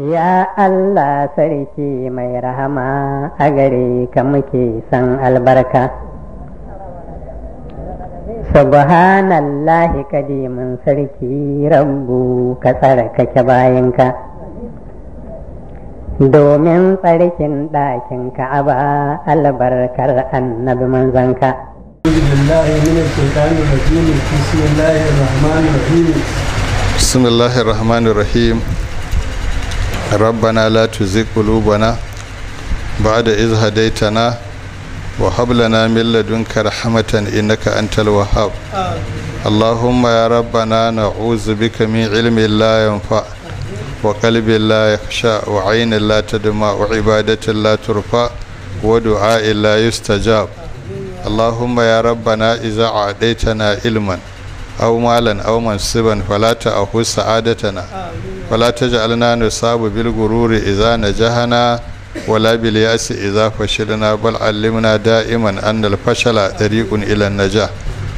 Ya Allah sarki mai rahama a gare ka muke san albarka. Subhanallahi kadimin sarki rabbu ka tsara ke bayanka. Domin tsarkin ɗakin ka'aba albarkar annabi manzanka. Alhamdulillahi Bismillahirrahmanirrahim. ربنا لا تزغ قلوبنا بعد إذ هديتنا وهب لنا من لدنك رحمة إنك أنت الوهاب اللهم يا ربنا نعوذ بك من علم لا ينفع وقلب لا يخشى وعين لا تدمع وعبادة لا ترفع ودعاء لا يستجاب اللهم يا ربنا إذا عاديتنا علما aw malan aw mansiban fala ta'khudh sa'adatana fala taj'alna nusabu bil gururi idza najahana wala bil yasi idza fashilna bal allimna da'iman anna al fashala tariqun ila an najah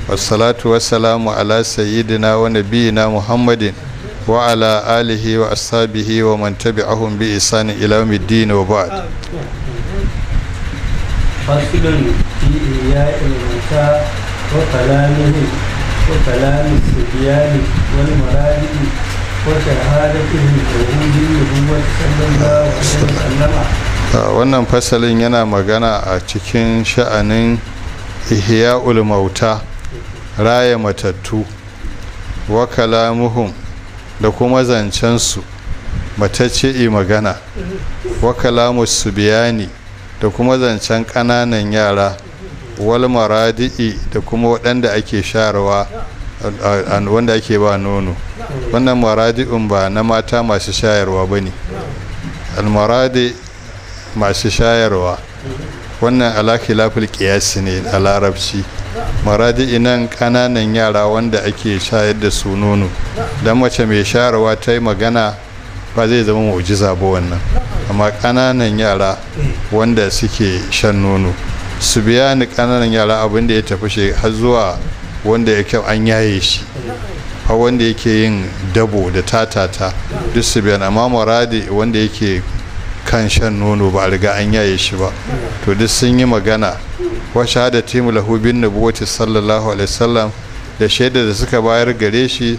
wassalatu wassalamu ala sayyidina wa nabiyyina muhammadin wa ala alihi wa ashabihi wa man tabi'ahum bi ihsan ila yawmiddin wa ba'd fasilun fi iya'i musa wa kalamihim wannan fasalin yana magana a cikin sha'anin ihya'ul mauta raya matattu wa kalamuhum da kuma zancensu matacce magana wa kalamus biyani da kuma zancen ƙananan yara Walmaradi'i maradi'i da kuma waɗanda ake sharwa wanda ake ba nono wannan maradi'un ba na mata masu shayarwa ba ne almaradi masu shayarwa wannan alakilafil kiyasi ne a larabci maradi'i nan ƙananan yara wanda ake shayar da su nono don mace mai shayarwa ta magana ba zai zama mu'jiza ba wannan amma ƙananan yara wanda suke shan nono su biya ni ƙananan yara abinda ya tafi shi har zuwa wanda ya kyau an yaye shi har wanda yake yin dabo da tatata duk su biya amma muradi wanda yake kan shan nono ba a riga an yaye shi ba to duk sun yi magana wa shahadati lahu bin nubuwati sallallahu alaihi wasallam da shaidar da suka bayar gare shi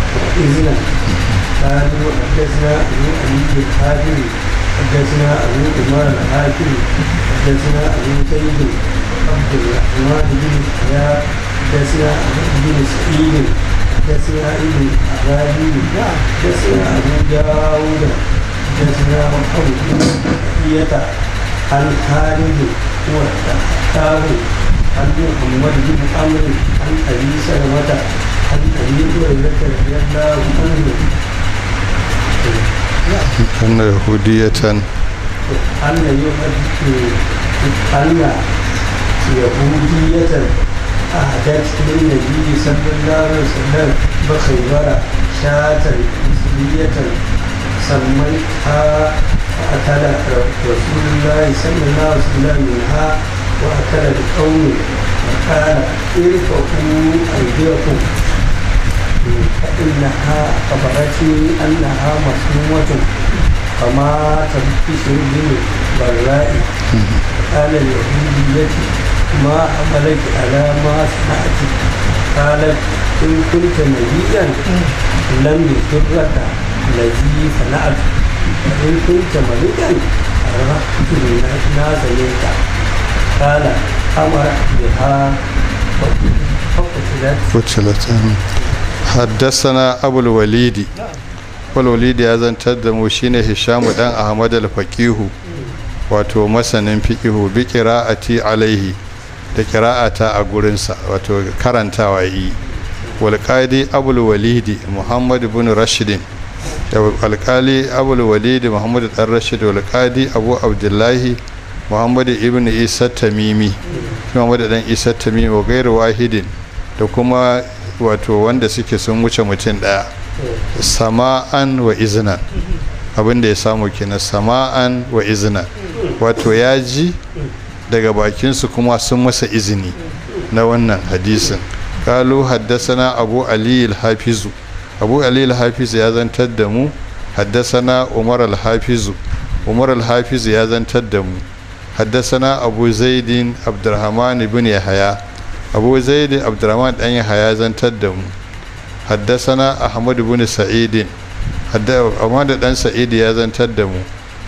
إذنا قالوا حدثنا أبو أيوب الحافري حدثنا أبو إمام الحافري حدثنا أبو سيد عبد الرحمن بن حياء حدثنا أبو بن سعيد حدثنا ابن أغاني حدثنا أبو داود حدثنا محمد بن حية عن خالد هو التاهو عن محمد بن عمرو عن أبي سلمة Wannan Yahudiyatan. Allah yi wa Yahudiyatan a hadar cikin Nabi sabbin larin sannan ba khaybara shatar Isliyatan sammai ha a tada rasulun layi sannan na wasu lamin ha wa a tada da ƙaunin a ƙara ƙirƙa kuma a فإنها أخبرتني أنها مسمومة فما تنفسر من براء قال اليهودية ما حملك على ما صنعت قالت إن كنت نبيا لم يضرك الذي صنعت وإن كنت ملكا رحت الناس منك قال أمرت بها فقتلت haddasana abul walidi abul ya zantar da mu shine hishamu dan ahmad al wato masanin fiqihu bi qira'ati alaihi da qira'ata a gurinsa wato karantawa yi wal qadi abul walidi muhammad ibn rashid alkali abul dan rashid wal abu abdullahi muhammad ibn isa tamimi muhammad dan isa tamimi wa ghairu wahidin da kuma wato wanda suke sun wuce mutum ɗaya sama'an wa izina abin ya samu kenan sama'an wa izina wato ya ji daga bakinsu kuma sun masa izini na wannan hadisin kalu haddasana abu ali hafizu abu ali hafizu ya zantar da mu haddasana umar Alhafizu umar Alhafizu ya zantar da mu haddasana abu zaidin abdurrahman ibn yahya abu da abdurrahman dan yahaya zantar da mu haddasana ahmad ibn sa'idin ahmad dan sa'idi ya zantar da mu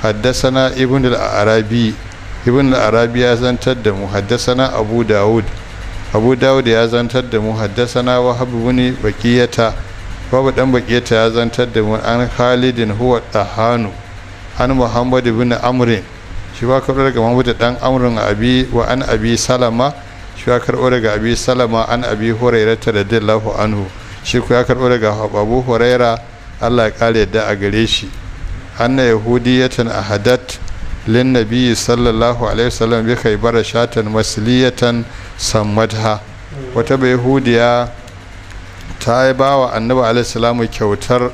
haddasana ibn al-arabi ibn al-arabi ya zantar da mu haddasana abu dawud abu dawud ya zantar da mu haddasana wahab ibn baqiyata babu dan baqiyata ya zantar da mu an khalidin huwa tahanu an muhammad ibn amr shi ba kabar daga muhammad dan amrun abi wa an abi salama shi ya karɓo daga abi salama an abi huraira ta radiyallahu anhu shi ku ya karɓo daga abu huraira allah ya ƙare yadda a gare shi anna yahudiyatan hadat lin nabiyyi sallallahu alaihi wasallam bi khaybar shatan masliyatan samadha wata bai yahudiya ta yi ba wa annabi alaihi salam kyautar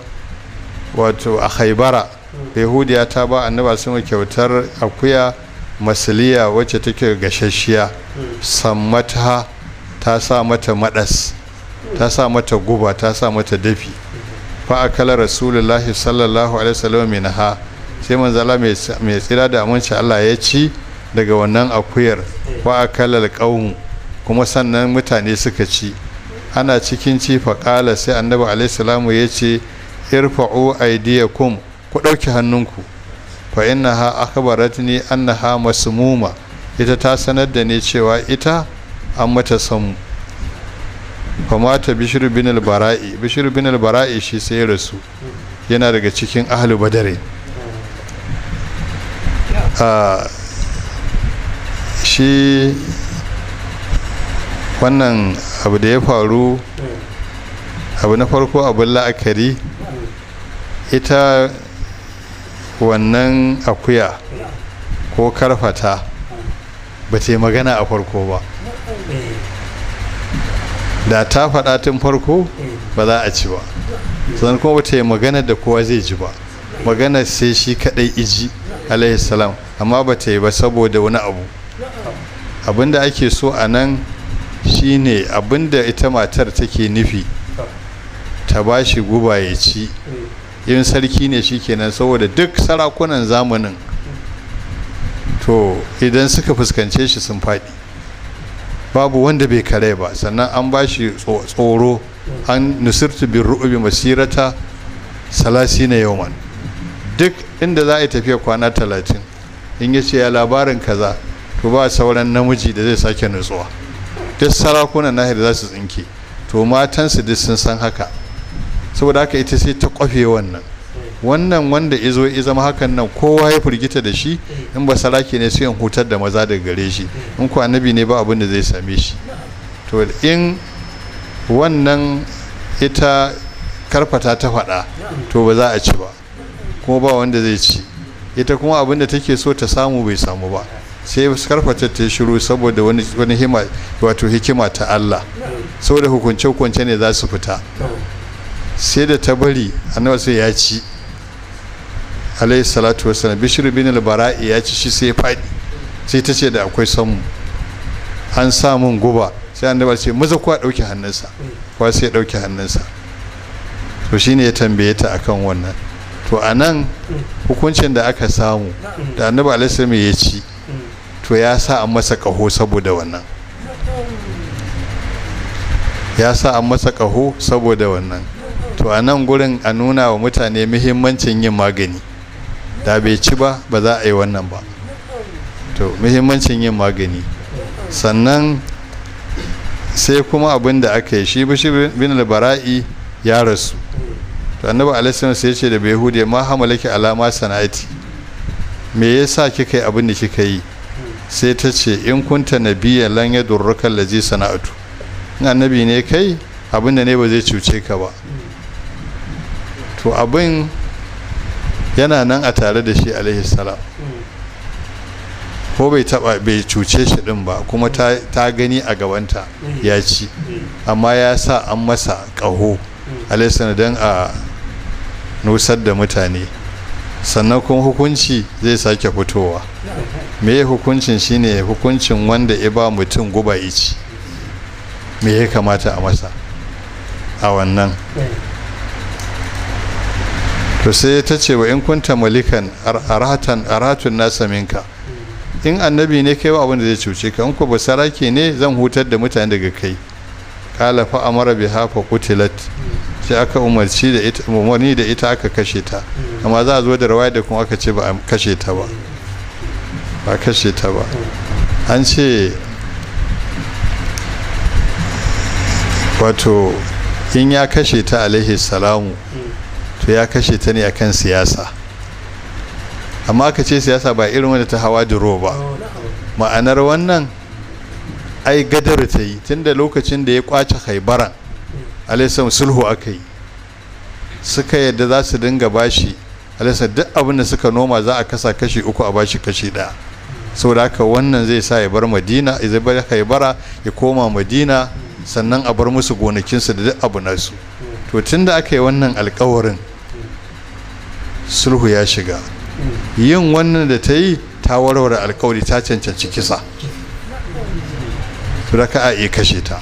wato a khaybara yahudiya ta ba annabi alaihi kyautar akuya masaliya wacce take gashashiya sammata ta sa mata madas ta sa mata guba ta sa mata dafi fa akala rasulullahi sallallahu alaihi wasallam minha sai manzala mai tsira da aminci Allah ya ci daga wannan akuyar fa akala alqawm kuma sannan mutane suka ci ana cikin ci fa sai annabi alaihi salamu ya ce irfa'u aydiyakum ku dauki hannunku fa innaha akhbaratni annaha masmuma ita ta sanar da ni cewa ita an mata samu fa mata bishr bin al-bara'i bishr bin al-bara'i shi sai rasu yana daga cikin ahlu badare ah, shi wannan abu da ya faru abu na farko abin la'akari ita wannan akuya ko karfata ba ta magana a farko ba da ta faɗa tun farko ba za a ci ba sannan kuma ba ta yi magana da kowa zai ji ba magana sai shi kaɗai iji salam amma ba ta yi ba saboda wani abu abinda ake so a nan shine abinda ita matar take nufi ta ba shi guba ya ci yin sarki ne shi shikenan saboda duk sarakunan zamanin to idan suka fuskance shi sun faɗi babu wanda bai kare ba sannan an ba shi tsoro an nusirtu bin ru'ubi masirata salasi na man duk inda za a yi tafiya kwana talatin in ya ya labarin kaza to ba sauran namiji da zai sake nutsuwa duk sarakunan nahiyar za su tsinke to matansu duk sun san haka saboda haka ita sai ta kwafe wannan wannan wanda izo ya zama hakan nan kowa ya firgita da shi in ba saraki ne sai in hutar da maza daga gare shi in ku annabi ne ba abin da zai same shi to in wannan ita karfata ta faɗa to ba za a ci ba kuma ba wanda zai ci ita kuma abin da take so ta samu bai samu ba sai karfata ta shiru saboda wani wani wato hikima ta Allah saboda hukunce hukunce ne za su fita sai da ta bari annabi sai ya ci alayhi salatu wassalam bishir bin al-bara'i ya ci shi sai fadi sai ta ce da akwai samu an sa guba sai annabi ce maza kuwa dauke hannunsa kuwa sai dauke hannunsa to shine ya tambaye ta akan wannan to anan hukuncin da aka samu da annabi alayhi salam ya ci to ya sa an masa kaho saboda wannan ya sa an masa kaho saboda wannan to a nan gurin a nuna wa mutane muhimmancin yin magani da bai ci ba ba za a yi wannan ba to muhimmancin yin magani sannan sai kuma abin da aka yi shi bishi bin bara'i ya rasu to annabi alaihi sai ce da behude ma hamalaki alama sana'ati me yasa kika yi abin da kika yi sai ta ce in kunta nabiyya lan yadurruka allazi sana'atu in annabi ne kai abin da ne ba zai cuce ka ba to abin yana nan a tare da shi alaihi salam ko bai taba bai cuce shi din ba kuma ta, gani a gabanta ya ci amma ya sa an masa ƙaho alaihi salam don a nusar da mutane sannan kuma hukunci zai sake fitowa me hukuncin shine hukuncin wanda ya ba mutum guba ici me ya kamata a masa a wannan to sai ta ce wa in kunta malikan aratan aratun nasa minka in annabi ne kai wa abinda zai cuce ka in ku saraki ne zan hutar da mutane daga kai kala fa amara biha hafa kutilat sai aka umarci da ita umarni da ita aka kashe ta amma za a zo da rawaya da kuma aka ce ba a kashe ta ba ba kashe ta ba an ce wato in ya kashe ta alaihi salamu to ya kashe ta ne akan siyasa amma ka ce siyasa ba irin wanda ta hawa duro ba ma'anar wannan ai gadar ta yi tunda lokacin da ya kwace haibaran alaisam sulhu aka yi suka yadda za su dinga bashi alaisa duk abin da suka noma za a kasa kashi uku a bashi kashi ɗaya saboda haka wannan zai sa ya bar madina zai bar haibara ya koma madina sannan a bar musu gonakinsu da duk abu nasu to tun da aka yi wannan alkawarin sulhu ya shiga yin wannan da ta yi ta warware alkawari ta cancanci kisa to raka'a ya kashe ta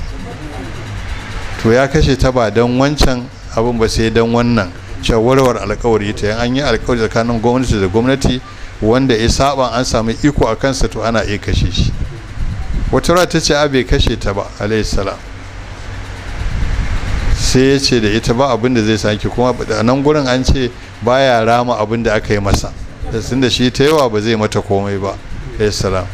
to ya kashe ta ba don wancan abin ba sai don wannan shawarwar alkawari ta an yi alkawari tsakanin gwamnati da gwamnati wanda ya saba an sami iko a kansa to ana iya kashe shi wata rata ta ce bai kashe ta ba alayhi salam sai ya ce da ita ba abin da zai sake kuma a nan gurin an ce ba ya rama abin da aka yi masa sun da shi ta yawa ba zai mata komai ba salam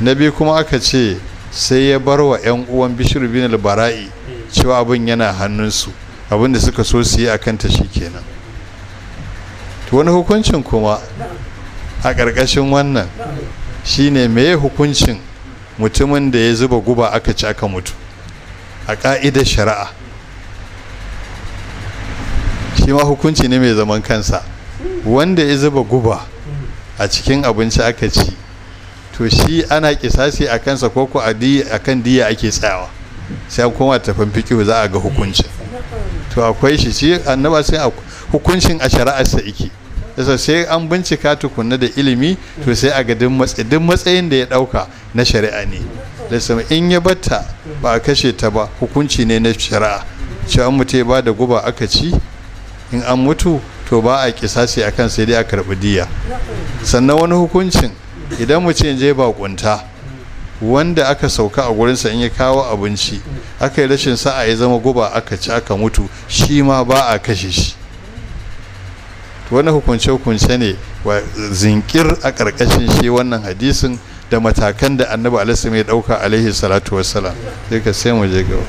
na biyu kuma aka ce sai ya bar wa 'yan uwan bishir bin bara'i cewa abin yana hannunsu abin da suka so su yi a kanta shi kenan wani hukuncin kuma a ƙarƙashin wannan shine meye hukuncin mutumin da ya zuba guba aka ci aka mutu a ƙa'idar shari'a shi ma hukunci ne mai zaman kansa wanda ya zuba guba a cikin abinci aka ci to shi ana kisasi a kansa ko ko a kan diya ake tsayawa sai kuma tafin fikihu za a ga hukuncin to akwai shi shi annaba sai hukuncin a sa iki yasa sai an bincika tukunna da ilimi to sai a ga duk matsayin duk matsayin da ya dauka na shari'a ne da in ya batta ba a kashe ta ba hukunci ne na shari'a cewa mutu ya ba da guba aka ci in an mutu to ba a kisasi kan sai dai a karɓi diya sannan wani hukuncin idan mutum je bakunta wanda aka sauka a gurinsa in ya kawo abinci aka yi rashin sa'a ya zama guba aka ci aka mutu shi ma ba a kashe shi wani hukunce-hukunce ne zinkir a ƙarƙashin shi wannan hadisin da matakan da annabi alaihi mai ɗauka alaihi salatu wassalam sai ka sai mu je gaba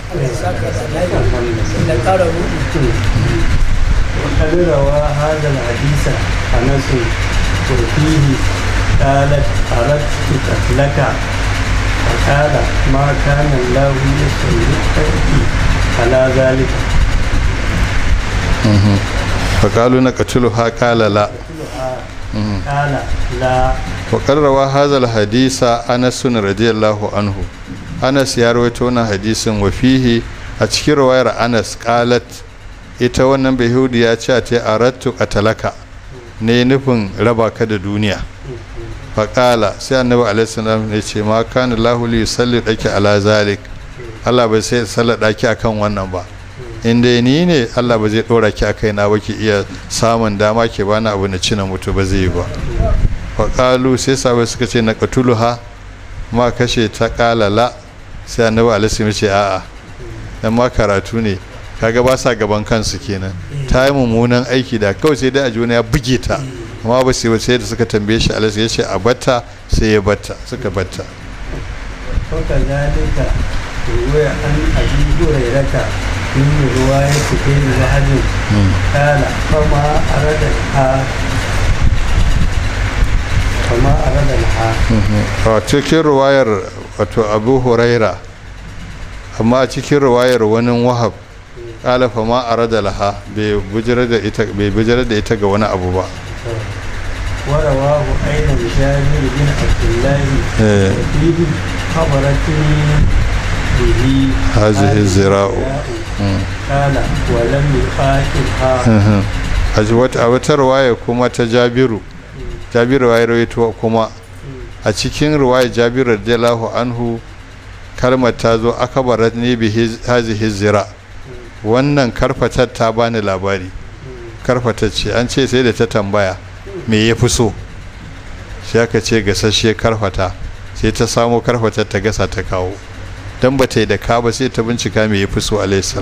قد روى هذا الحديث أنس وفيه قالت أردت قتلك فقال ما كان الله يسلطك على ذلك فقالوا نقتلها قال لا قال لا وقد روى هذا الحديث أنس رضي الله عنه أنس يروي تونا حديث وفيه أتشكي رواية أنس قالت ita wannan ya ce a ce a a talaka ne nufin raba ka da duniya faƙala sai annabi alaihissalam ne ce ma kanu lahuli salli yusalli ala zalik Allah bai sai sallar a akan wannan ba inda ni ne Allah ba zai ɗora ki kai na ba ki iya samun dama ke bana abu na cina mutu ba zai yi ba faƙalu sai sabai suka ce na ƙatulu ha ma kashe ta ƙala la sai annabi alaihissalam ce a'a dan ma karatu ne kaga ba sa gaban kansu kenan ta yi mummunan aiki da kawai sai dai a juna ya buge ta amma ba sai sai da suka tambaye shi alas ya ce a batta sai ya batta suka batta من رواية بن وهب قال فما أرد الحاء فما أرد A cikin ruwayar wato abu huraira amma a cikin ruwayar wani wahab kala fa ma arada laha bai bujira da ita bujira da ita ga wani abu ba eh. hmm. wa lam a wata kuma ta jabiru jabiru ya rawaito kuma a cikin riwaya jabiru radiyallahu anhu kalmar tazo akabarat ne bi hazihi zira' wannan karfatar ta bani labari karfatar ce an ce sai da ta tambaya me ya fi so shi aka ce gasasshe karfata sai ta samo karfatar ta gasa ta kawo don ba ta yi da ka ba sai ta bincika me ya fi so alayhi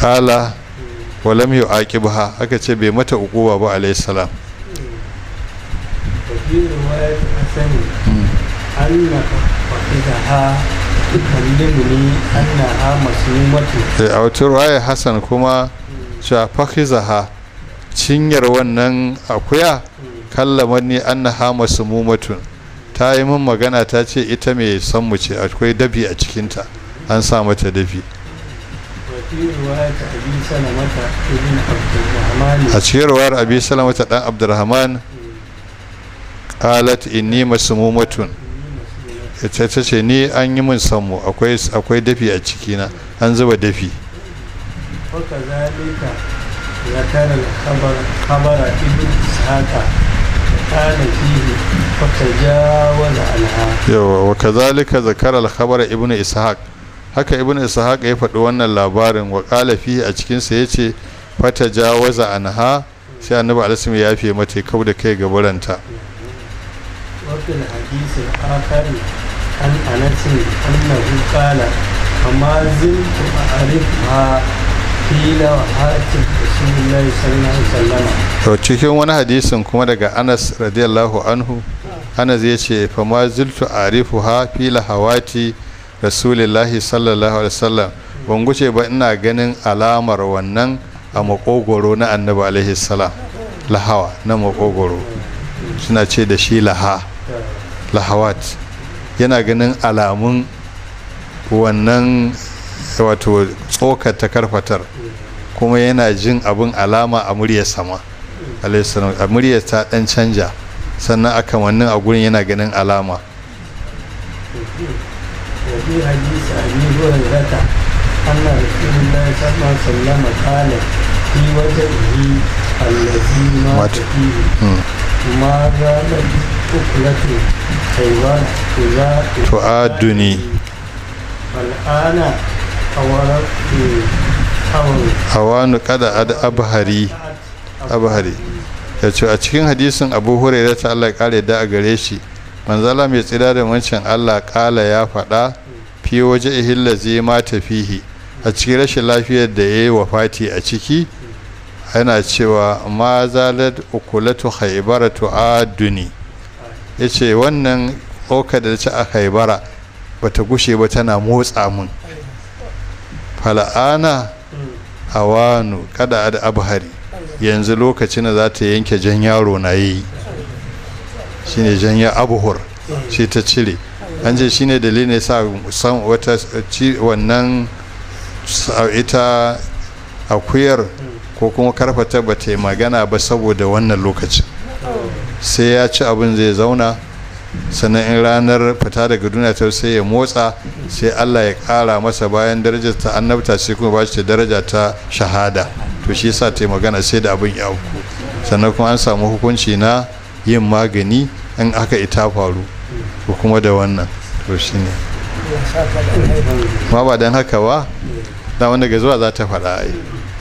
kala eh, walam ba ha aka ce bai mata ukuwa ba alayhi salam Eh, a wata ruwaya hassan kuma shafafi zaha cinyar wannan akuya kallamar ni mu masmumatun ta yi min magana ta ce ita mai san mu ce akwai dabi a cikinta an sa mata dabi a cikin ruwayar abi salamata dan abdurrahman qalat inni masmumatun ta ce ni an yi min samu akwai dafi a cikina an zuba dafi وكذلك ذكر الخبر خبر ابن إسحاق كان فيه haka ibn ishaq ya faɗi wannan labarin wa ƙalafi a cikinsa ya ce fata jawaza anha sai annabi alaihi ya fiye mata kau da kai gabaranta wakil hadisin akari an anas annahu kala amma arif ha fila hatim rasulullahi sallallahu alaihi wasallam to cikin wani hadisin kuma daga Anas radiyallahu anhu Anas ya ce fa ma ziltu ha fila hawati rasulullahi sallallahu alaihi wasallam ban guce ba ina ganin alamar wannan a makogoro na annabi alaihi salam lahawa na makogoro suna ce da shi laha lahawat yana ganin alamun wannan wato tsokar ta karfatar kuma yana jin abin alama a muryar sama a muryar ta dan canja sannan aka wannan a gurin yana ganin alama أن ما زال tu'aduni eh, awanu kada ad abhari abhari ya ce a cikin hadisin abu hurairah ta Allah ya kare da a gare shi manzala mai tsira da wancan Allah kala ya faɗa fi waje zai ma tafihi a cikin rashin lafiyar da ya yi wafati a ciki yana cewa ma zalad ukulatu khaybaratu aduni ya ce wannan oka da ci a haibara ba ta gushe ba tana motsa mun fala'ana a wano kada da abhari yanzu lokacin da za ta yanke jan yaro na yi shi ne jan ya abuhur shi ta cire an ce shi ne dalilin sa san wata wannan ita akuyar ko kuma karfata ba ta yi magana ba saboda wannan lokacin sai ya ci abin zai zauna sannan in ranar fita daga duniya ta sai ya motsa sai Allah ya kara masa bayan darajar ta annabta sai kuma ba shi daraja ta shahada to shi yasa ta magana sai da abin ya auku sannan kuma an samu hukunci na yin magani in aka ita faru ko kuma da wannan to shine ma ba dan haka ba da wanda ga zuwa za ta faɗa ai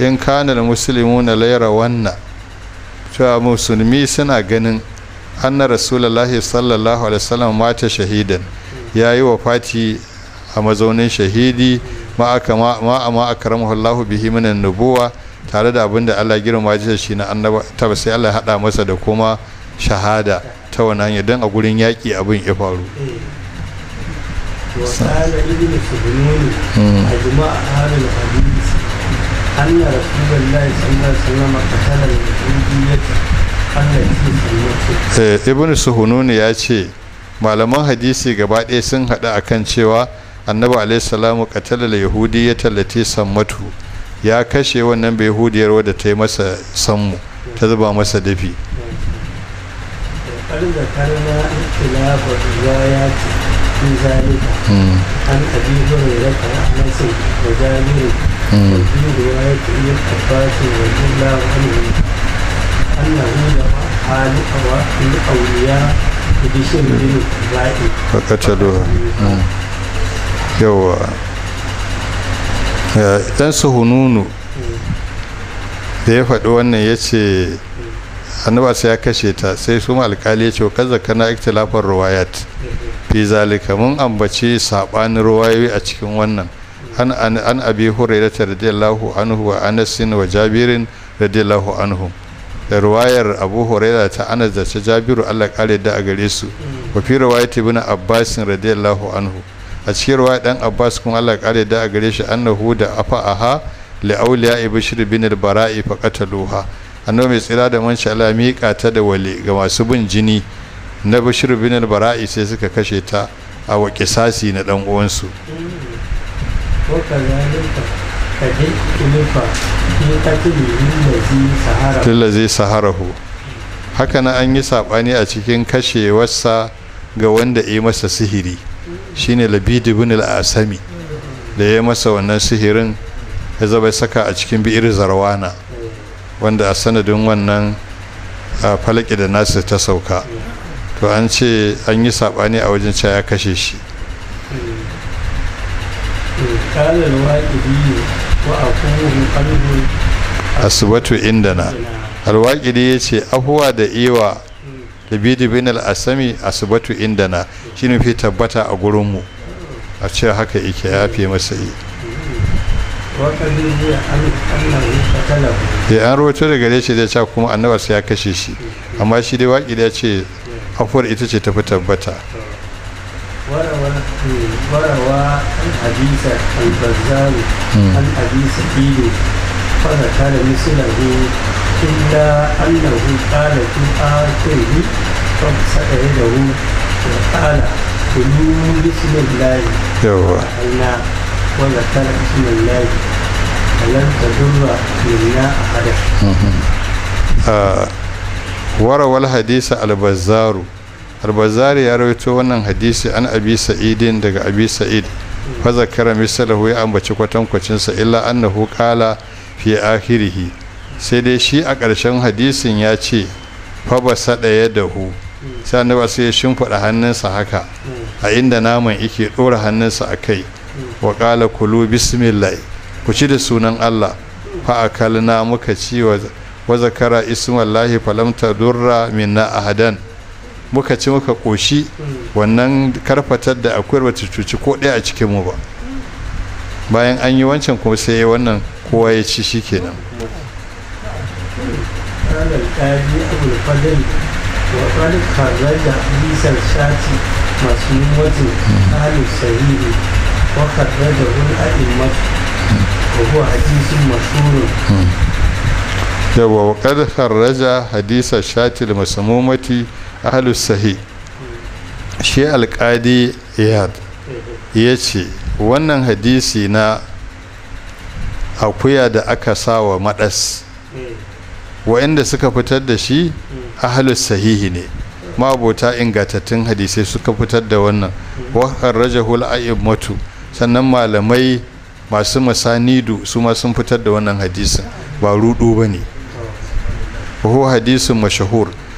in kana na layra wannan cewa musulmi suna ganin anna rasulullahi sallallahu alaihi wasallam mata shahidan yayi wafati a mazaunin shahidi ma aka ma ma akramahu Allahu bihi minan nubuwa tare da abin da Allah girma ji shi na annaba ta sai Allah hada masa da kuma shahada ta wani hanya don a gurin yaƙi abin ya faru وقال eh, ابن a أجمع أهل الحديث أن رسول الله صلى الله عليه وسلم قتل اليهودية التي ابن سهنون يا شيخ malaman hadisi gaba ɗaya sun haɗa a kan cewa annabi alaihissalamu katalar yahudi ya tallace sammatu ya kashe wannan bai hudiyar wadda ta yi masa sammu ta zuba masa dafi hmm. an وفي رواية ابن عباس ɗansu hununu da ya faɗi wannan ya ce annaba ya kashe ta sai su alkali ya ce kaza kana ikhtilafar ruwayat fi zalika mun ambaci saɓanin ruwayoyi a cikin wannan an an an abi hurairah radiyallahu anhu wa anas wa jabir radiyallahu anhum da ruwayar abu huraira ta anas da ta jabiru allah kare da a gare su wa fi ruwayat ibn abbas radiyallahu anhu a cikin ruwayar dan abbas kun allah kare da a gare shi annahu da afa aha li awliya ibshir bin al-bara'i fa qataluha annabi mai tsira da manci allah miƙa ta da wali ga masu bin jini na bashir bin al-bara'i sai suka kashe ta a kisasi na dan uwansu lillazi saharahu haka na an yi saɓani a cikin kashewarsa ga wanda ya masa sihiri shine Labidu bin al'asami da ya masa wannan sihirin ya zaba saka a cikin bi'ir zarwana wanda a sanadin wannan a falaki da nasu ta sauka to an ce an yi saɓani a wajen ya kashe shi كان indana وأخوه قلب أثبت عندنا ya ce afuwa da iwa labidu bin al'asami asibatu indana shi fi tabbata a gurinmu a ce haka ike ya fi masa yi ya an eh, rahoto da gare shi da ca kuma annabarsa ya kashe shi amma shi dai waƙi ya ce afuwar ita ce tafi tabbata barawa an hadisa albazari hmm. an hadisa ido fara ta da misilahu illa annahu kala tu a kai ta saka yi da hu da kala kulu bismillah layi yawa na kala bismillah layi alar da durwa nuna a hada hmm. ah, warawar hadisa albazaru albazari ya rawaito wannan hadisi an abi sa'idin daga abi sa'id fa zakara misalahu ya ambaci kwatankwacin sa illa annahu qala fi akhirih sai dai shi a ƙarshen hadisin ya ce fa ba sada yadahu sai annabi sai ya shimfida hannunsa haka a inda naman yake dora hannunsa akai wa qala kulu bismillah ku ci da sunan Allah fa akalna muka ci wa zakara ismallahi falam tadurra minna ahadan muka ci muka koshi wannan karfatar da akwai wata cuci ko ɗaya a cikin mu ba bayan an yi wancan kuma sai wannan kowa ya ci shi kenan yawa wa kad kharraja hadisa shatil masmumati ahlus shi alƙadi iyad ya ce wannan hadisi na akuya da aka sa wa maɗas wa'inda suka fitar da shi ahlu sahihi ne mabota ingantattun hadisai suka fitar da wannan wakar rajahul a'immatu sannan malamai masu masanidu su ma sun fitar da wannan hadisin ba rudu ba ne hadisin mashahur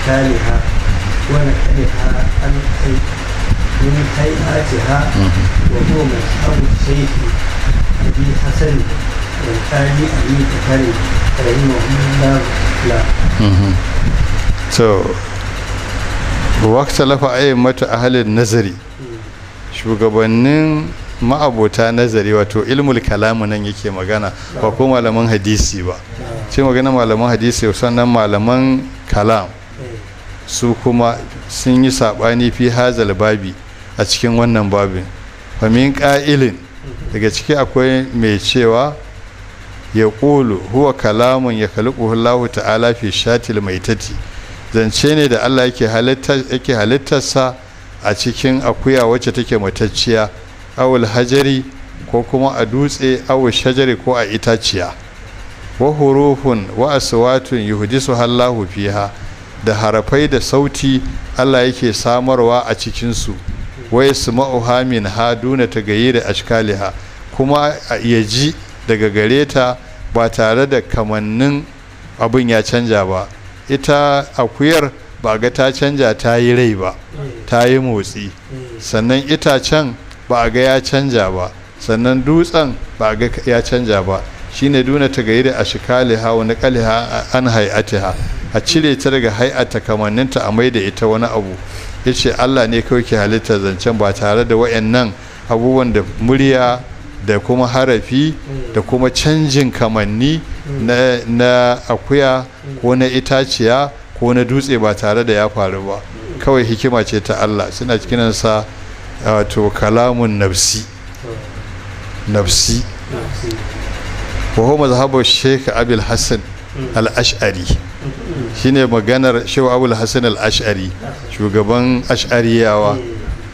أشكالها ونحرها عن من هيئاتها وهو مذهب الشيخ أبي حسن والقاضي أبي تكري رحمه الله لا So, wakta lafa a halin nazari shugabannin ma'abota nazari wato ilmul kalamu nan yake magana ba ko malaman hadisi ba ce magana malaman hadisi sannan malaman kalam su kuma sun yi saɓani fi hazal babi a cikin wannan babin famin ƙa'ilin daga ciki akwai mai cewa ya ƙulu huwa kalamun ya kalikuhullahu ta'ala fi shatil tati. zance ne da allah yake halittarsa a cikin akuya wacce take matacciya awul hajari ko kuma a dutse awul shajari ko a itaciya wa hurufun wa aswatun yuhdisu hallahu fiha da harafai da sauti Allah yake samarwa a cikinsu wai su ma'uha min haduna ta gayi da ashkaliha kuma ya ji daga gare ta ba tare da kamannin abin ya canja ba ita akuyar ba ga ta canja ta yi rai ba ta yi motsi sannan itacen ba a ga ya canja ba sannan dutsen ba ga ya canja ba shine duna ta gayi da ashkaliha wa naqaliha an hay'atiha a cire ta daga hai'ata kamanninta a mai da ita wani abu ya ce allah ne kawai ke halitta zancen ba tare da wayannan abubuwan da murya da kuma harafi da kuma canjin kamanni na akuya ko na itaciya ko na dutse ba tare da ya faru ba kawai hikima ce ta allah suna sa wato uh, kalamun nafsi nafsi wa huwa mazhabu sheikh abul hassan mm. al-ash'ari shine maganar shawabul hasan al-ash'ari shugaban ash'ariyawa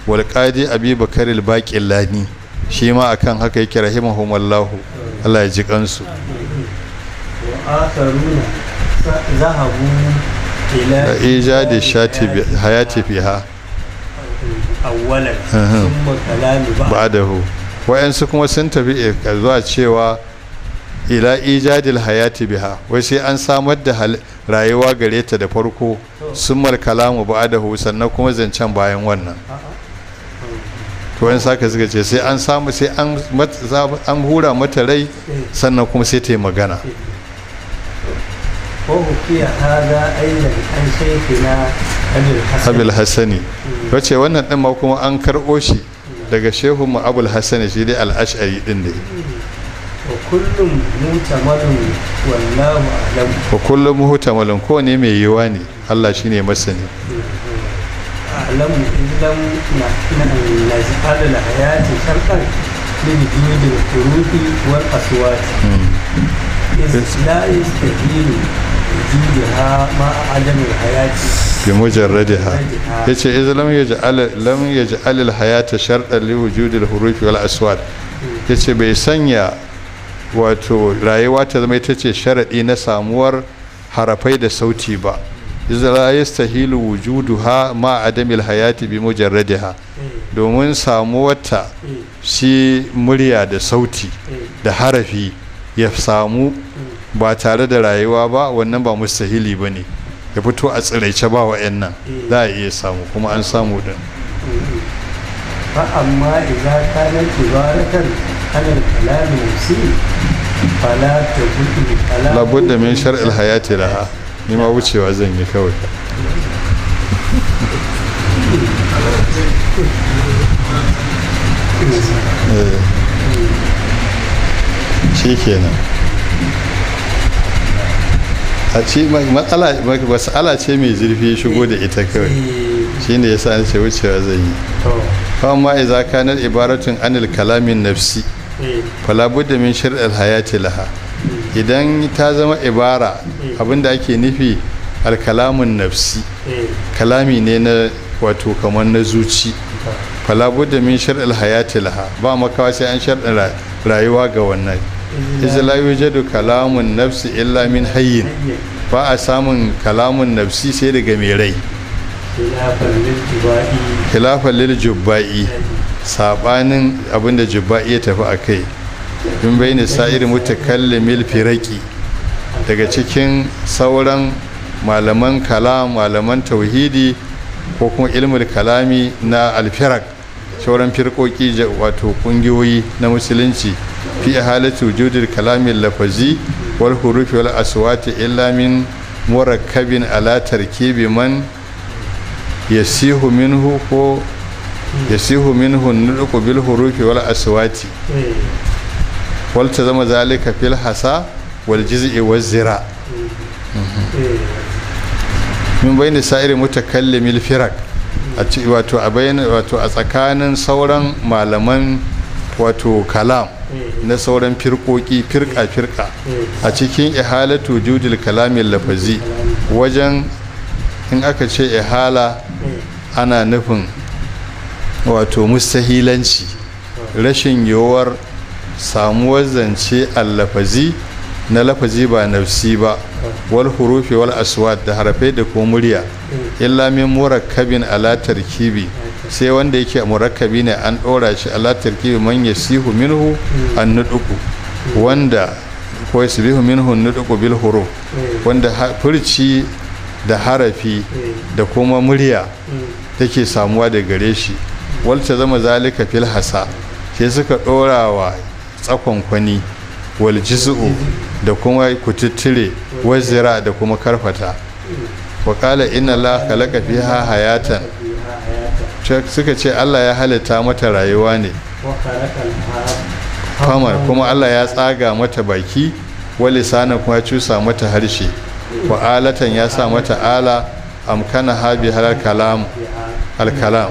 wal qadi abi bakar al-baqillani shi ma akan haka yake rahimahumullah Allah ya ji kansu wa akharuna zahabu ila ijadi shati hayati fiha awwalan thumma kalamu ba'dahu kuma sun tafi eh, zuwa cewa ila ijadil hayati biha wai sai an samar da rayuwa gare ta da farko sun kalamu ba da sannan kuma zancen bayan wannan to yan saka suka ce sai an samu sai an hura mata rai sannan kuma sai ta yi magana abul hassani wace wannan ɗin ma kuma an karɓo shi daga shehu mu abul hassani shi dai al'ashari ɗin ne wa kullum mu ko ne mai yiwuwa ne Allah shi ne masani alamu idan na nazifar da hayati sharɗar da jujjudin kurufi wal aswati hmm. la yastahilu jujuha ma hayati bi mujarradiha yace al hayata hurufi wal hmm. Ya ce bai sanya wato rayuwa ta zama ita ce sharaɗi na samuwar harafai da sauti ba izala wujudu ha ma adamil hayati bi ha. domin samuwarta shi murya da sauti da harafi ya samu ba tare da rayuwa ba wannan ba mustahili ba ne ya fito a tsiraice ba nan. za a iya samu kuma an samu fa amma idza kana tibaratan alal kalamin musi labudda min shar'il hayati laha ni ma wucewa zan yi kawai shi kenan a ci matsala ce mai zurfi shigo da ita kawai shi ne ya sa ce wucewa zan yi kawai ma'a iza kanar ibaratun anil kalamin nafsi falabudda min hayati laha idan ta zama ibara abinda ake nufi alkalamun nafsi kalami ne na wato kamar na zuci falabudda min hayati laha ba makawa sai an shar rayuwa ga wannan iza la yujadu kalamun nafsi illa min hayyin ba a samun kalamun nafsi sai daga mai rai khilafan lil jubba'i sabanin abinda jubba'i ya tafi a kai in bai nisa'ir mutakallimil firaki daga cikin sauran malaman kalam malaman tauhidi ko kuma ilmul kalami na alfirak sauran firkoki wato kungiyoyi na musulunci fi halittu judir kalamin lafazi wal hurufi wal aswati illa min murakkabin ala tarkibi man yasihu minhu ko yasihu minhu nudqu bil hurufi wal aswati wal tazama zalika fil hasa wal jiz'i waz zira eh. min bayni sa'iri a firak wato a wato a tsakanin sauran malaman wato kalam eh. na sauran firkoki firka eh. firka a cikin ihalatu judil kalamin lafazi wajen in aka ce ihala ana nufin wato mustahilanci rashin yiwuwar samuwar zance allafazi na lafazi ba nafsi ba wal hurufi wal aswad da harafai da ko murya illa min murakkabin ala tarkibi sai wanda yake murakkabi ne an dora shi ala tarkibi man yasihu minhu an nuduku wanda ko yasbihu minhu nuduku bil huruf wanda furci da harafi da kuma murya take samuwa da gare shi walta zama zalika fil hasa ke suka dora wa kwani wal jisu'u da kuma kututtire wazira da kuma karfata waƙala inna la khalaqa fiha hayatan suka ce Allah ya halitta mata rayuwa ne famar kuma Allah ya tsaga mata baki walisanan kuma cusa mata harshe wa'alatan ya sa mata ala amkana habi halar kalam kalam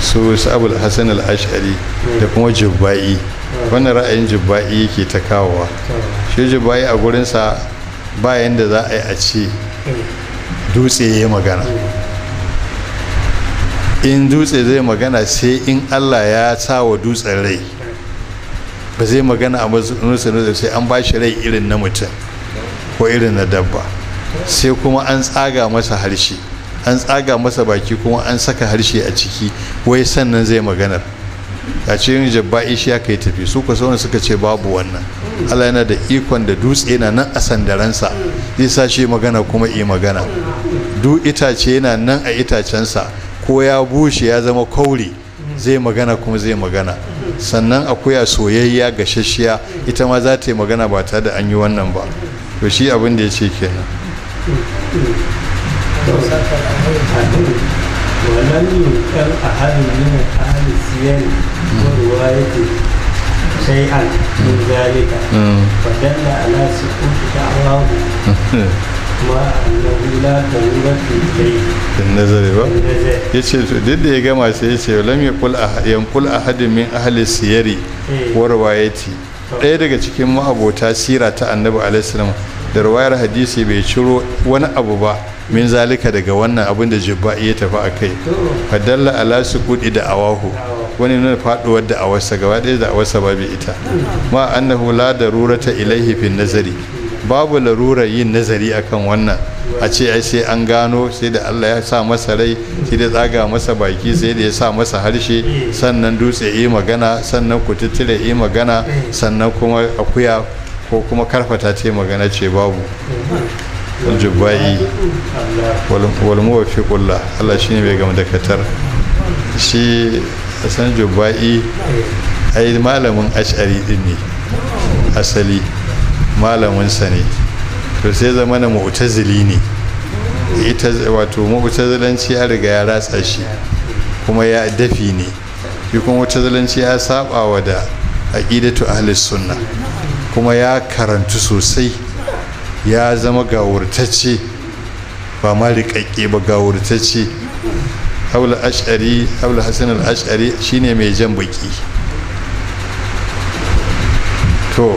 su sabul hassan al-ashari da kuma jubba'i wannan ra'ayin jubba'i yake ta kawowa shi jubba'i a gurinsa bayan da za a yi a ce dutse ya magana in dutse zai magana sai in allah ya sa wa dutsen rai ba zai magana a matsunusa sai an ba shi rai irin na mutum ko irin na dabba sai kuma an tsaga masa harshe an tsaga masa baki kuma an saka harshe a ciki wai sannan zai magana a cikin jabba'i shi aka yi tafi su ka wani suka ce babu wannan Allah yana da ikon da dutse na nan a sandaransa zai sa shi magana kuma yi magana duk itace yana nan a itacensa ko ya bushe ya zama kauri zai magana kuma zai magana sannan akuya soyayya shashiya ita ma za ta yi magana ba ta da an yi wannan ba to shi abin da ya ce kenan حديث ولم ينكر أحد من أهل السير وروايته شيئا من ذلك فدل على سقوط ba ya ce duk da ya gama sai ya ce lam yankul ahadin min ahli siyari warwayati ɗaya daga cikin ma'abota sira ta annabi alaihi da ruwayar hadisi bai ciro wani abu ba min zalika daga wannan abin da jibba'i ya tafi a kai fadalla ala kudi da awahu wani nuna faduwar da awarsa gaba ɗaya da awarsa babu ita ma annahu la darurata ilaihi fi nazari babu larurar yin nazari akan wannan a ce ai sai an gano sai da Allah ya sa masa rai sai da tsaga masa baki sai da ya sa masa harshe sannan dutse yi magana sannan kututtule yi magana sannan kuma akuya ko kuma karfata ce magana ce babu aljubai walmuwa fi kulla allah shi ne bai gama dakatar shi san jubai yi malamin ashari din ne asali malaminsa ne to sai zama na mu'tazili ne ita wato mu'tazilanci ya riga ya ratsa shi kuma ya dafi ne yi kuma mu'tazilanci ya saba wa da aqidatu ahlus sunna kuma ya karantu sosai ya zama gawurtacce ba ma riƙaƙƙe ba gawurtacce haula ash'ari haula hassan al-ash'ari shine mai jan baki to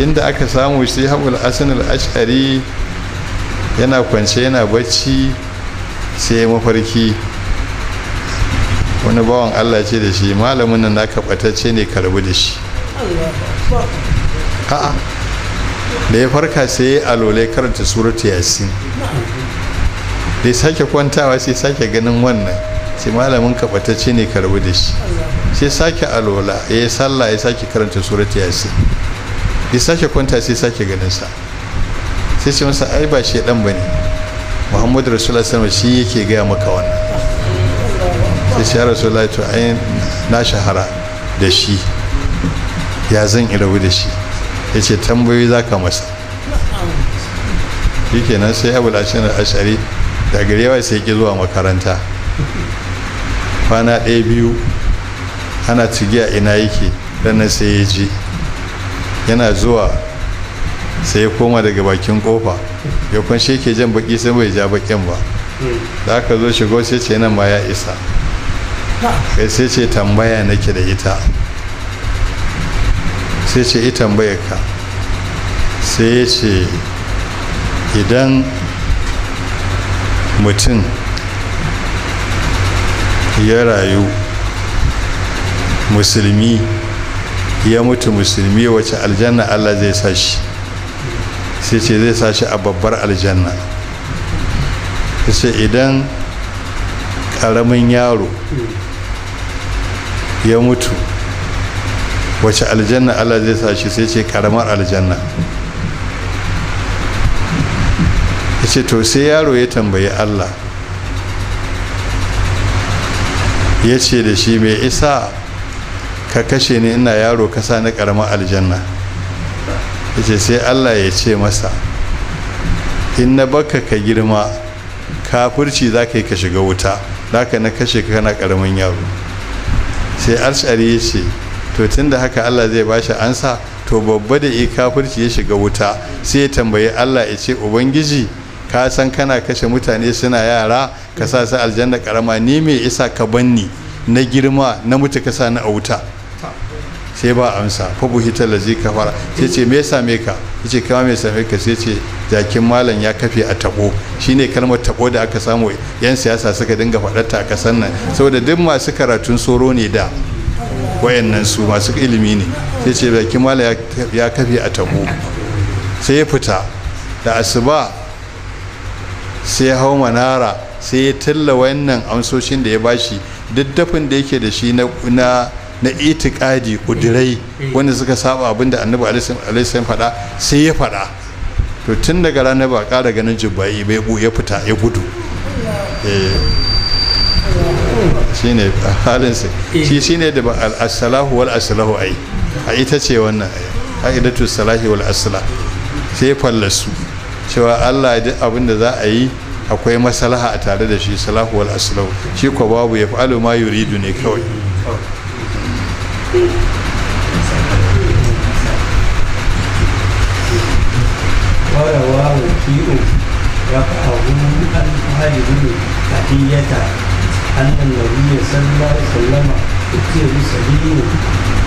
inda aka samu shi haula hassan al-ash'ari yana kwance yana bacci sai ya mafarki wani bawan allah ce da shi malamin nan naka ɓatacce ne karbi da shi a'a da ya farka sai ya alole karanta surutu yasin da ya sake kwantawa sai sake ganin wannan sai malamin kabatacce ne karbi da shi sai sake alola ya yi sallah ya sake karanta suratu yasin ya sake kwanta sai sake ganin sa sai ce masa ai ba shi dan bane muhammadu rasulullah sama shi yake gaya maka wannan sai shi rasulullah to ai na shahara da shi ya zan irabu da shi ya ce tambayoyi za ka masa shi kenan sai abu lashin ashari da garewa sai ki zuwa makaranta kwana ɗaya biyu ana cigiya ina yake nan sai ya ji yana zuwa sai ya koma daga bakin kofa ya kunshe ke jan baki sai bai ja bakin ba da aka zo shigo sai ce nan ma ya isa sai ce tambaya nake da ita sai ce ita tambayar ka sai ya ce idan mutum ya rayu musulmi ya mutu musulmi wace aljanna allah zai sa shi sai ce zai sa a babbar aljanna sai idan ƙaramin yaro ya mutu wace aljanna Allah zai sa shi sai ce karamar aljanna ya ce to sai yaro ya tambayi Allah ya ce da shi mai isa ka kashe ni ina yaro kasa na karamar aljanna ya ce sai Allah ya ce masa in na baka ka girma kafirci za ka yi ka shiga wuta za ka na kashe ka na karamin yaro sai arshari ya ce to tun da haka Allah zai bashi ansa to babba da ikafirci ya shiga wuta sai ya tambayi Allah ya ce ubangiji ka san kana kashe mutane suna yara ka sa su aljanna karama ni me isa ka banni na girma na mutu ka sa ni a wuta sai ba amsa fa buhi da zai kafara sai ce me same ka ya ce kama me same ka sai ce jakin malam ya kafe a tabo shine kalmar tabo da aka samu yan siyasa suka dinga faɗarta a kasan nan saboda duk masu karatun soro ne da wayannan su masu ilimi ne sai ce baki mala ya kafe a tabo sai ya fita da asuba sai hau manara sai ya talla wayannan amsoshin da ya bashi Daddafin dafin da yake da shi na na itikadi kudirai wanda suka saba abinda annabi alaihi faɗa sai ya faɗa to tun daga ranar ba ƙara ganin jibba'i bai ya fita ya gudu eh shine halin sa eh. shi shine da as-salahu wal aslahu ai a ita ce wannan ai aqidatu salahi wal asala sai fallasu cewa Allah duk abin da za a yi akwai maslaha a tare da shi salahu wal aslahu shi ko babu ya fa'alu ma yuridu ne kawai ya وكيء رفعه عن أهل بن عطية أن النبي صلى الله عليه وسلم اتي بسبيل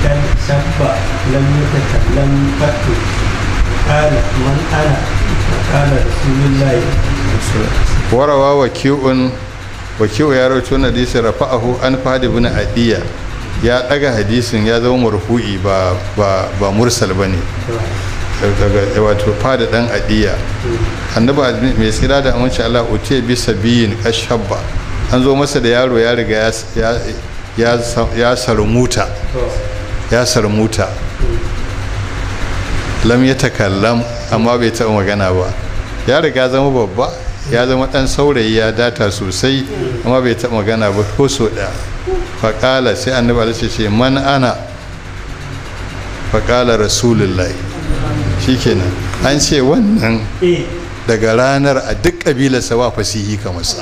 كان سب لم يتكلم قط قال من أنا قال رسول الله وروى وكيء وكيء يا رسول حديث رفعه عن فهد بن عدية ya ɗaga hadisin ya zama marfu'i ba ba ba mursal bane daga wato fada dan adiya annabi mai tsira da amince Allah uce bi sabiyin ashabba an zo masa da yaro ya riga ya sarmuta ya sarmuta lam ya takallam amma bai taɓa magana ba ya riga zama babba ya zama ɗan saurayi ya data sosai amma bai taɓa magana ba ko so ɗaya faƙala sai annabi alaihi ce man ana faƙala rasulullahi shikenan an ce wannan eh. daga ranar a duk ƙabilarsa ba fasihi kamar sa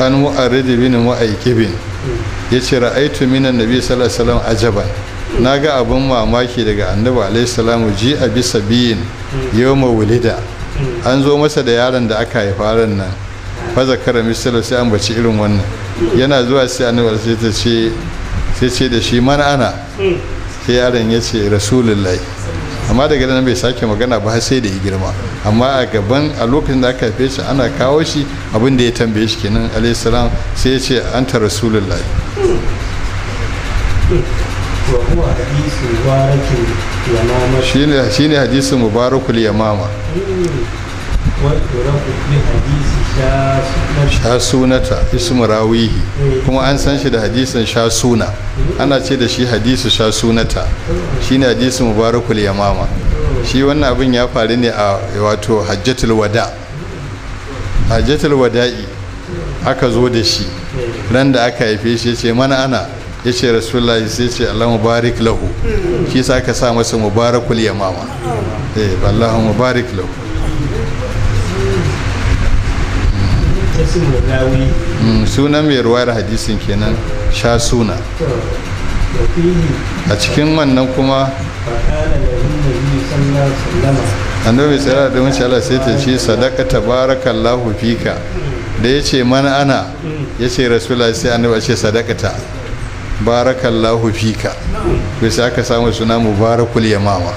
an mu'arrid bin ya ce ra'aitu minan nabi sallallahu alaihi wasallam ajaban naga abun mamaki daga annabi alaihi salamu ji a bisa biyin yawma wulida an zo masa da yaron da aka haifa ran nan fa zakara misal sai an bace irin wannan yana zuwa sai annabi sai ta ce sai ce da shi man ana sai yaron ce rasulullahi amma daga nan bai sake magana ba sai da ya girma amma a gaban a lokacin da aka haife shi ana kawo shi abin da ya tambaye shi kenan alayhi sai ya ce an anta rasulullahi shine hadisin mubarakul yamama sha sunata ismu rawihi kuma an san shi da hadisin sha suna ana ce da shi hadisu sha sunata ne hadisu mubarakul yamama shi wannan abin ya faru ne a wato hajjatul wada hajjatul wada'i aka zo da shi ran da aka haife shi ce mana ana ya ce rasulullahi sai ce allah mubarak lahu shi sa aka sa masa mubarakul yamama eh wallahu mubarak lahu Mm, sunan mai ruwayar hadisin kenan sha suna a cikin wannan kuma annabi tsira da mace Allah sai ta ce sadaka tabarakallahu fika da ya ce mana ana mm. ya ce rasulullah sai annabi ce sadakata barakallahu fika Bai sai aka samu suna mubarakul yamama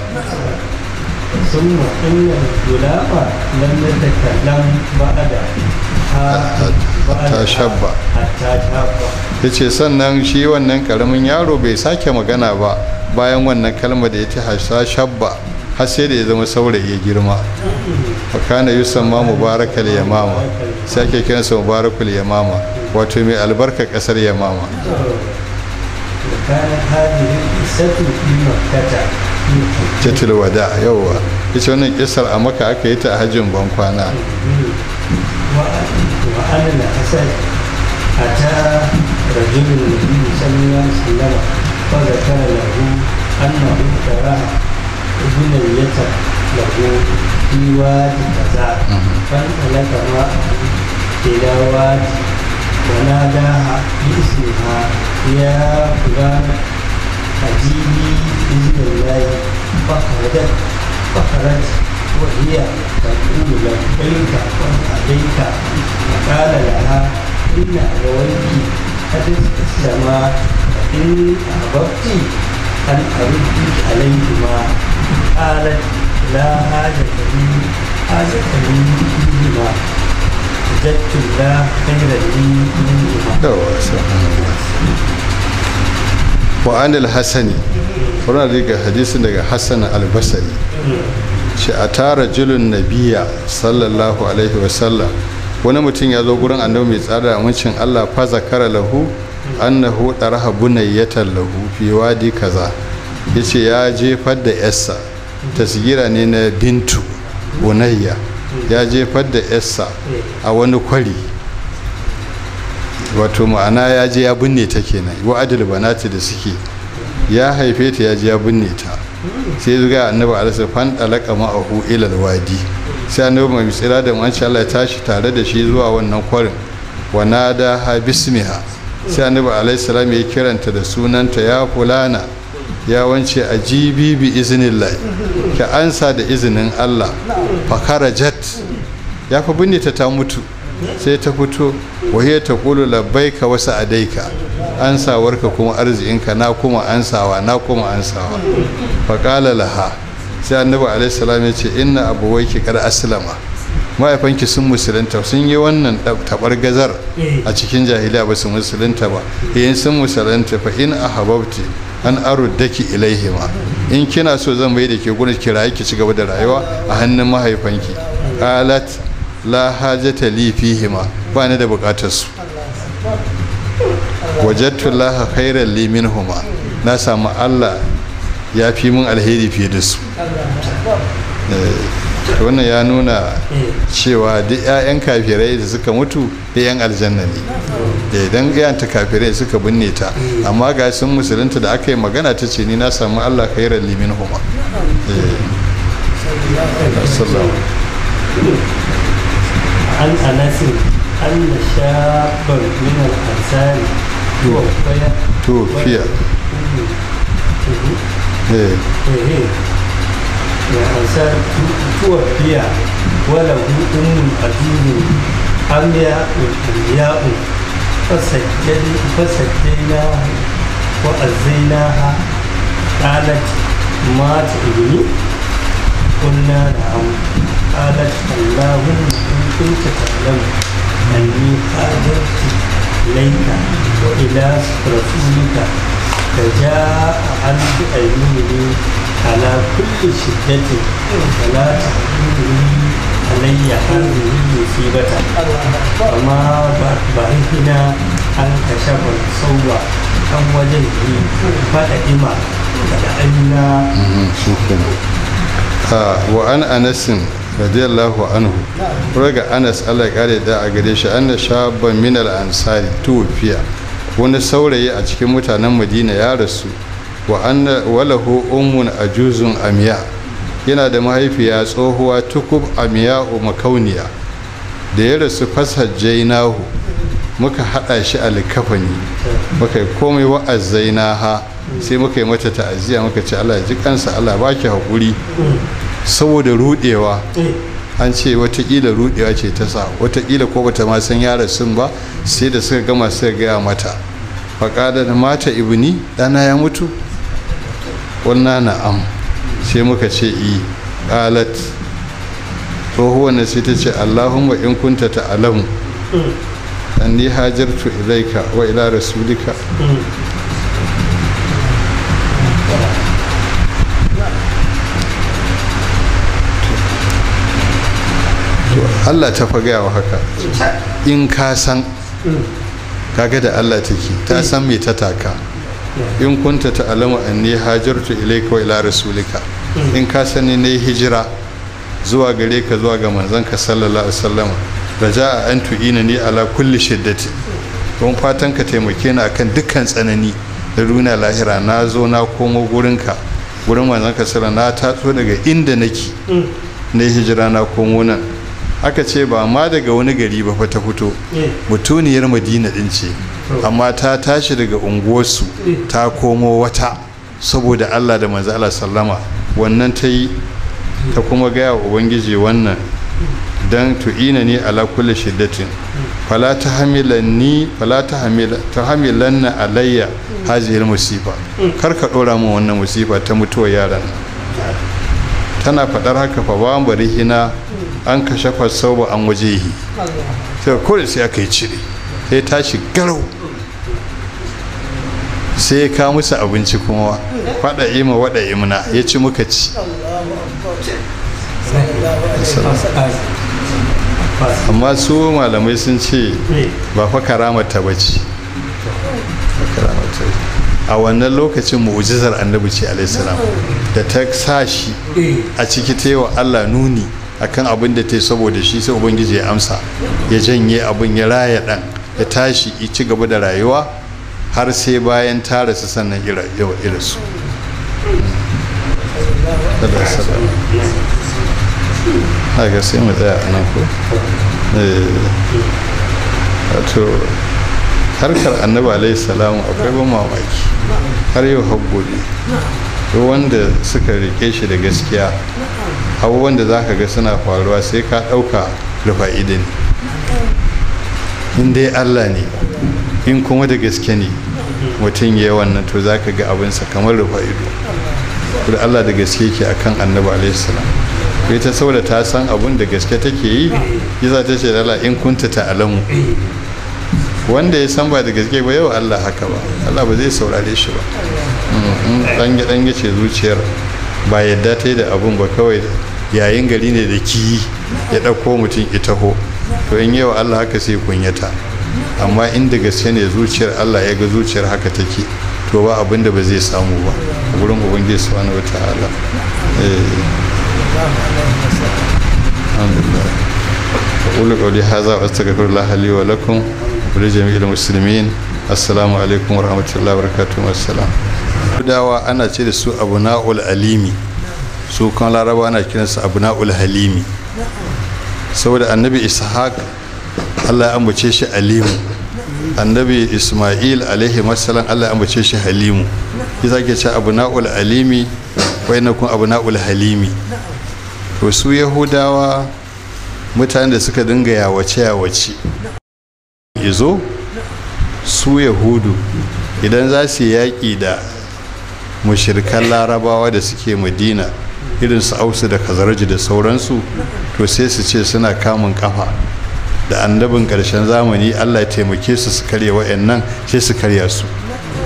ثم إن الخلافة لم يتكلم بعد hatta shabba ya sannan shi wannan karamin yaro bai sake magana ba bayan wannan kalma da ya ce shabba har sai da ya zama saurayi girma fakana ma mubarakal yamama sai ake kiransa mubarakul yamama wato mai albarka kasar yamama tatul wada ita wannan kisar a maka aka yi ta a hajjin bankwana وأن الحسن أتى رجل النبي صلى الله عليه وسلم فذكر له أنه كره بنية له في واد كذا فانطلق معه إلى واد وناداها باسمها يا فلان أجيبي بإذن الله فخرجت فخرجت wariya da kuma ɗaika kan ɗaika a ƙala da ha ina ga wani a duk zama a ɗin abokci an arziki a nan kuma ƙala la haja ta yi haja ta yi hujjima zattun da hanyarri hujjima. Dawa sa'a. Hassani, Furnar daga daga Hassan Albasani? ce a tara julun nabiya sallallahu alaihi wasallam wani mutum ya zo gurin annabi mai tsada amincin Allah fa kara lahu annahu daraha bunayyatan lahu fi wadi kaza yace ya jefar da yassa tasgira ne na bintu bunayya ya jefar da yassa a wani kwari wato ma'ana ya je ya binne ta kenan wa'adul banati da suke ya haife ta ya je ya binne ta sai ya zuga annabi alisa fan dalaka ma'ahu ilal wadi sai annabi mai tsira da wancan Allah ya tashi tare da shi zuwa wannan kwarin wa nada ha bismiha sai annabi alaihi salam ya kiranta da sunanta ya fulana ya wance jibi bi iznillah ka ansa da izinin Allah fa karajat ya fa binne ta ta mutu sai ta fito wahiyar ta kulu ka wasu adaika ansawarka kuma arzikinka na kuma ansawa na kuma ansawa faƙala laha sai annabi salam ya ce inna abuwaiki kar aslama mahaifanki sun musulunta sun yi wannan tabar gazar a cikin jahiliya ba su musulunta ba yayin eh, sun musulunta fa in ahabbti an aruddaki ilaihima in kina so zan bai da ke gudun ki ki ci gaba da rayuwa a hannun mahaifanki alat la hajata li fihima ba ni da bukatar su wajattu laha khairan li minhuma na samu Allah ya fi mun alheri fiye da su eh, wannan ya nuna cewa duk 'ya'yan kafirai da suka mutu da 'yan aljanna ne idan eh, ga ta kafirai suka binne ta amma ga sun musulunta da aka yi magana ta ce ni na samu allah khairar limin huma an anasin an shaɓar minar ansari tuwa fiya ya ansar tuwa fiya wala hukun mu a jirin amya ya'u na wa azai na ha ƙalat mata ibini kunna na amu ƙalat allahun mu كنت تعلم أني قادرت إليك وإلى رسولك فجاء عن بأيمنه على كل شدة فلا تحملني علي هذه المصيبة وما بعثنا أن كشف الصوب عن وجهه فلئم فلئمنا وعن أنس radiyallahu anhu raga anas allah ya kare da a gare shi anna shaban min al ansari tuwfiya wani saurayi a cikin mutanen madina ya rasu wa anna walahu ummun ajuzun amiya yana da mahaifiya tsohuwa tukub amiya makauniya da ya rasu jainahu muka hada shi a likafani muka komai komai sai muka yi mata ta'aziyya muka ce Allah ya ji kansa Allah ba ki haƙuri saboda rudewa eh. an ce watakila rudewa ce ta sa watakila ko bata ma san yaran sun ba sai da suka gama suka gaya mata faƙada da mata ibni ɗana ya mutu wannan na'am sai muka ce i e, ƙalat tsohuwan sai ta ce allahumma in kunta ta alamu ɗan hmm. ni hajartu ilaika wa ila rasulika hmm. Allah ta fa gaya wa haka in ka san kaga da Allah take ta san me ta taka in kunta ta alama anni hajartu ilayka wa ila rasulika in ka sani ne hijira zuwa gare ka zuwa ga ka sallallahu alaihi wasallam raja'a an tu'ina ni ala kulli shiddati don fatan ka taimake ni akan dukkan tsanani da runa lahira na zo na komo ka gurin ka sallallahu na tatso daga inda nake ne hijira na komo nan aka ce ba ma daga wani gari ba fa ta fito eh. mutuniyar madina din ce amma ta tashi daga unguwarsu eh. ta komo wata saboda allah da manzo allah sallama wannan ta yi ta kuma gaya wa ubangiji wannan don tu'ina ne ala kulle shiddatin ta hamilan na alayya hazihil musifa hmm. kar ka dora min wannan musifa ta mutuwa yaran tana faɗar haka fa ba mu rihina an kashe kwasau an waje yi. sai kore sai aka yi cire sai tashi garau sai ka musu abinci kuma faɗa ima waɗa imna ya ci muka ci amma su malamai sun ce ba fa karamata ba ce a wannan lokacin mu'ujizar annabi ce alaihissalam da ta sa shi a ciki ta yi wa allah nuni akan abin da ta saboda shi sai ubangiji ya amsa ya janye abin ya raya dan ya tashi ya ci gaba da rayuwa har sai bayan tara su sannan ira su haka sai mu tsaya nan ko eh, wato harkar annabi alaihi salamu akwai ban mamaki har yau har gobe wanda suka rike shi da gaskiya abubuwan da za ka ga suna faruwa sai ka ɗauka rufa'idi ne in dai allah ne in kuma da gaske ne mutum ya wannan to za ka ga abinsa kamar rufa'ido da allah da gaske ke kan annabi alaihi salam ita saboda ta san abun da gaske take yi za ta ce lala in kunta ta alamu wanda ya san ba da gaske ba yau Allah haka ba Allah ba zai saurare shi ba dan ya ce zuciyar ba yadda ta yi da abun ba kawai yayin gari ne da ki ya ɗauko mutum ita ho to in yau allah haka sai kunyata amma inda gaske ne zuciyar allah ya ga zuciyar haka take to ba abin da ba zai samu ba gurin ubangiji subhanahu wataala eh. alhamdulillah أقول قولي هذا وأستغفر الله لي ولكم ولجميع المسلمين السلام عليكم ورحمة الله وبركاته والسلام dawa ana ce da su abu na'ul alimi su kan laraba na kiransu abna'ul halimi saboda annabi ishaq allah ya ambace shi alimu annabi isma'il alaihi masalan allah ya ambace shi halimu shi ke ce abna'ul alimi na kun abna'ul halimi to su yahudawa mutanen da suka dinga yawace yawace izo su yahudu idan za su yaƙi da mushirkan larabawa da suke madina irin su ausu da kazaraji da sauransu to sai su ce suna kamun kafa da annabin karshen zamani allah taimake su su karya wa'annan sai su karya su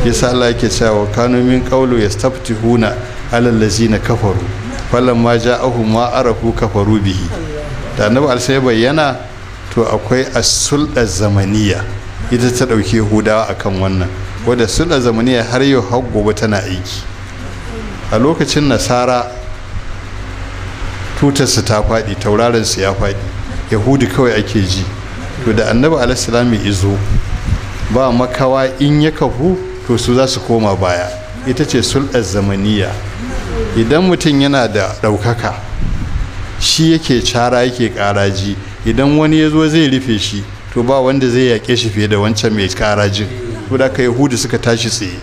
yasa allah yake cewa kanu min qawlu yastaftihuna alal ladzina kafaru ja ja'ahum ma arafu kafaru bihi da annabi alsai bayyana to akwai as-sulda zamaniya ita ta dauke hudawa akan wannan wadda sulda zamaniya har yau har gobe tana aiki a lokacin nasara Tutarsa ta faɗi su ya faɗi yahudi kawai ake ji to da annabi alaihissalam izo ba makawa in ya kafu to su za su koma baya ita ce sulɗar zamaniya idan mutum yana da ɗaukaka shi yake cara yake ƙaraji idan wani ya zo zai rufe shi to ba wanda zai yaƙe shi fiye da wancan mai ƙarajin to da ka yahudu suka tashi tsaye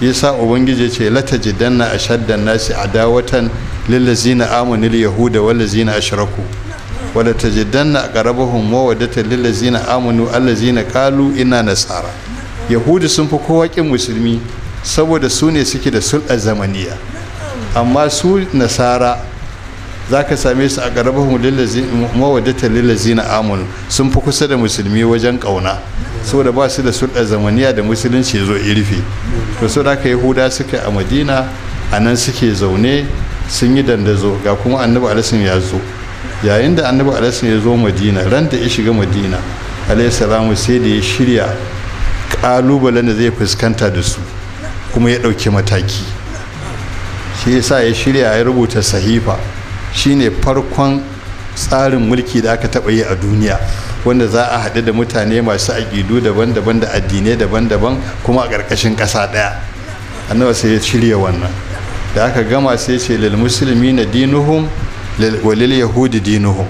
yasa ubangiji ce a ashaddan nasi adawatan للذين amanu اليهود والذين أشركوا wala tajidanna aqrabahum mawaddata lillazina amanu allazina qalu inna nasara yahudu sun fi kowa musulmi saboda su ne suke da sulɗar zamaniya amma su nasara za ka same su a garabahun mawadata lillazina amanu sun fi kusa da musulmi wajen ƙauna saboda ba su da sulɗar zamaniya da musulunci zo irfi to su da huda suka a madina a nan suke zaune sun yi dandazo ga kuma annabi alisun ya zo yayin da annabi alisun ya zo madina ran da ya shiga madina alaihissalamu sai da ya shirya kalubalen da zai fuskanta da su kuma ya ɗauki mataki shi yasa ya shirya ya rubuta sahifa shine farkon tsarin mulki da aka taɓa yi a duniya wanda za a haɗu da mutane masu aƙidu daban-daban da addinai daban-daban kuma a ƙarƙashin ƙasa ɗaya annabi sai ya shirya wannan da aka gama sai ce lil musulmi na dinuhum walil yahudi dinuhum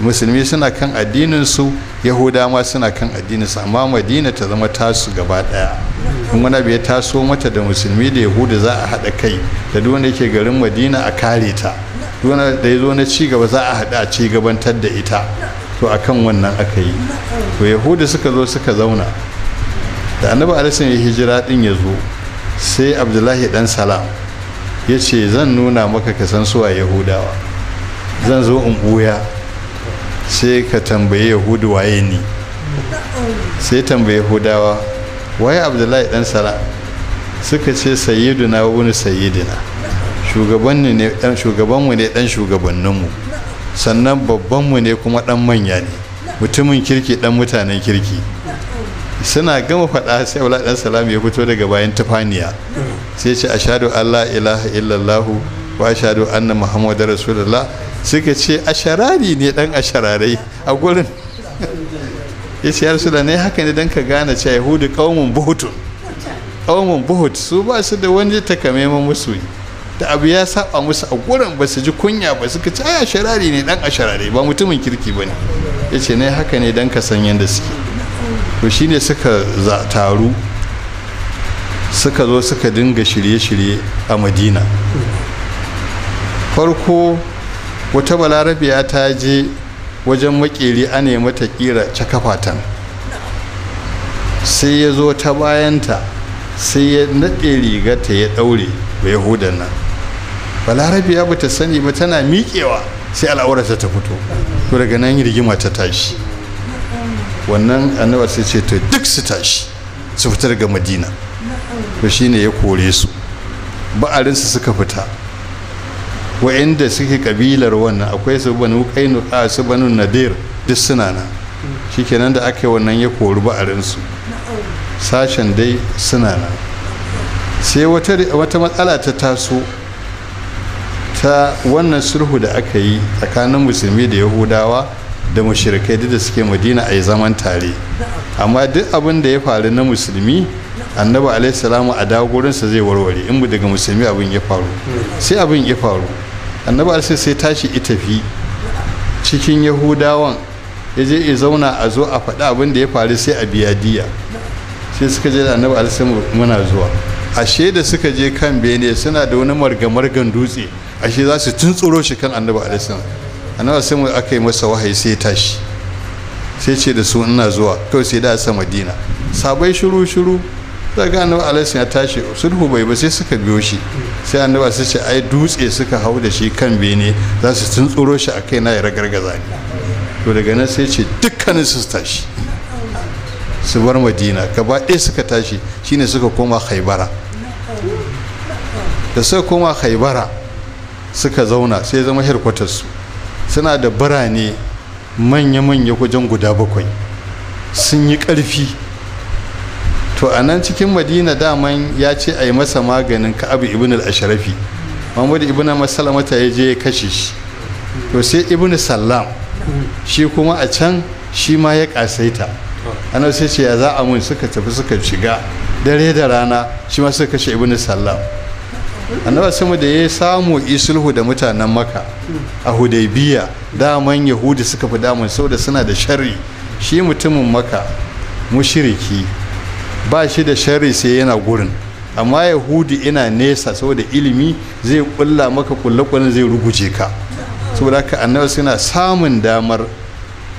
musulmi suna kan addininsu yahuda ma suna kan addininsu amma madina ta zama tasu gaba daya in wani bai taso mata da musulmi da yahudi za a haɗa kai da duk wanda yake garin madina a kare ta duk da ya zo na cigaba za a haɗa a ci gabantar da ita to akan wannan aka yi to yahudi suka zo suka zauna da annabi alisan ya hijira din ya zo sai abdullahi dan salam ya ce zan nuna maka ka san suwa yahudawa zan zo in buya sai ka tambaye yahudu waye ni sai tambaye yahudawa waye abdullahi dan sala suka ce sayyiduna wa wani sayyidina shugabanmu ne dan shugabanninmu sannan babbanmu ne kuma dan manya ne mutumin kirki dan mutanen kirki suna gama faɗa sai abdullahi dan salam ya fito daga bayan tufaniya sai ce ashadu allah ilaha illallahu wa ashadu anna muhammadu rasulullah suka ce asharari ne dan ashararai a gurin ya ce yarsula ne haka ne don ka gane cewa yahudu kaumun buhutu' kaumun buhut su ba su da wani takamaiman musu da abu ya saba musu a gurin ba su ji kunya ba suka ce ai sharari ne dan asharari ba mutumin kirki ba ne ya ce ne haka ne don ka san yadda suke to shine suka taru suka zo suka dinga shirye-shirye a madina farko wata balarabiya ta je wajen makeri a ne ta kira cakafatan sai ya zo ta bayanta sai ya naɗe rigarta ya ɗaure ya yahudan nan balarabiya ba ta sani ba tana miƙewa sai al'aurata ta fito to daga nan rigima ta tashi wannan annabar sai ce to duk su tashi su fitar ga madina to shine ya kore su ba'arinsu suka fita wa'inda suke kabilar wannan akwai su banu a su bani nadir duk suna nan shikenan da aka yi wannan ya kori ba'arinsu sashen dai suna nan sai wata matsala ta taso ta wannan sulhu da aka yi tsakanin musulmi da yahudawa da mashirikai da suke madina a yi zaman tare amma duk abin da ya faru na musulmi annabi alaihi salamu a dawo sa zai warware in daga musulmi abin ya faru sai abin ya faru annabi alaihi sai tashi ita fi cikin yahudawan ya je ya zauna a zo a faɗi abin da ya faru sai a biya diya sai suka je da annabi alaihi salamu muna zuwa ashe da suka je kan bene suna da wani marga-margan dutse ashe za su tsoro shi kan annabi alaihi salamu annabi sai aka yi masa wahayi sai tashi sai ce da su ina zuwa kawai sai da sa madina sabai shiru shiru za ga annabi alaihi ya tashi sulhu bai ba sai suka biyo shi sai annabi sai ce ai dutse suka hau da shi kan bene za su tuntsuro shi a kai na ya ragargaza ne to daga nan sai ce dukkanin su tashi su bar madina gaba ɗaya suka tashi shine suka koma haibara da suka koma haibara suka zauna sai zama su suna da birane manya-manya wajen guda bakwai sun yi ƙarfi to a nan cikin madina daman ya ce a yi masa maganin ka'abu ibn al-asharafi mahmud ibn masalamata ya je ya kashe shi to sai ibn salam shi kuma a can shi ma ya kasaita ana sai ce ya za a mun suka tafi suka shiga dare da rana shi ma suka kashe ibn salam annabi sama da ya samu isulhu da mutanen maka a hudaybiya daman yahudi suka fi damun saboda suna da shari. shi mutumin maka mushiriki ba shi da sharri sai yana gurin amma yahudi ina nesa saboda ilimi zai kulla maka kulle zai ruguje ka saboda haka annabi suna samun damar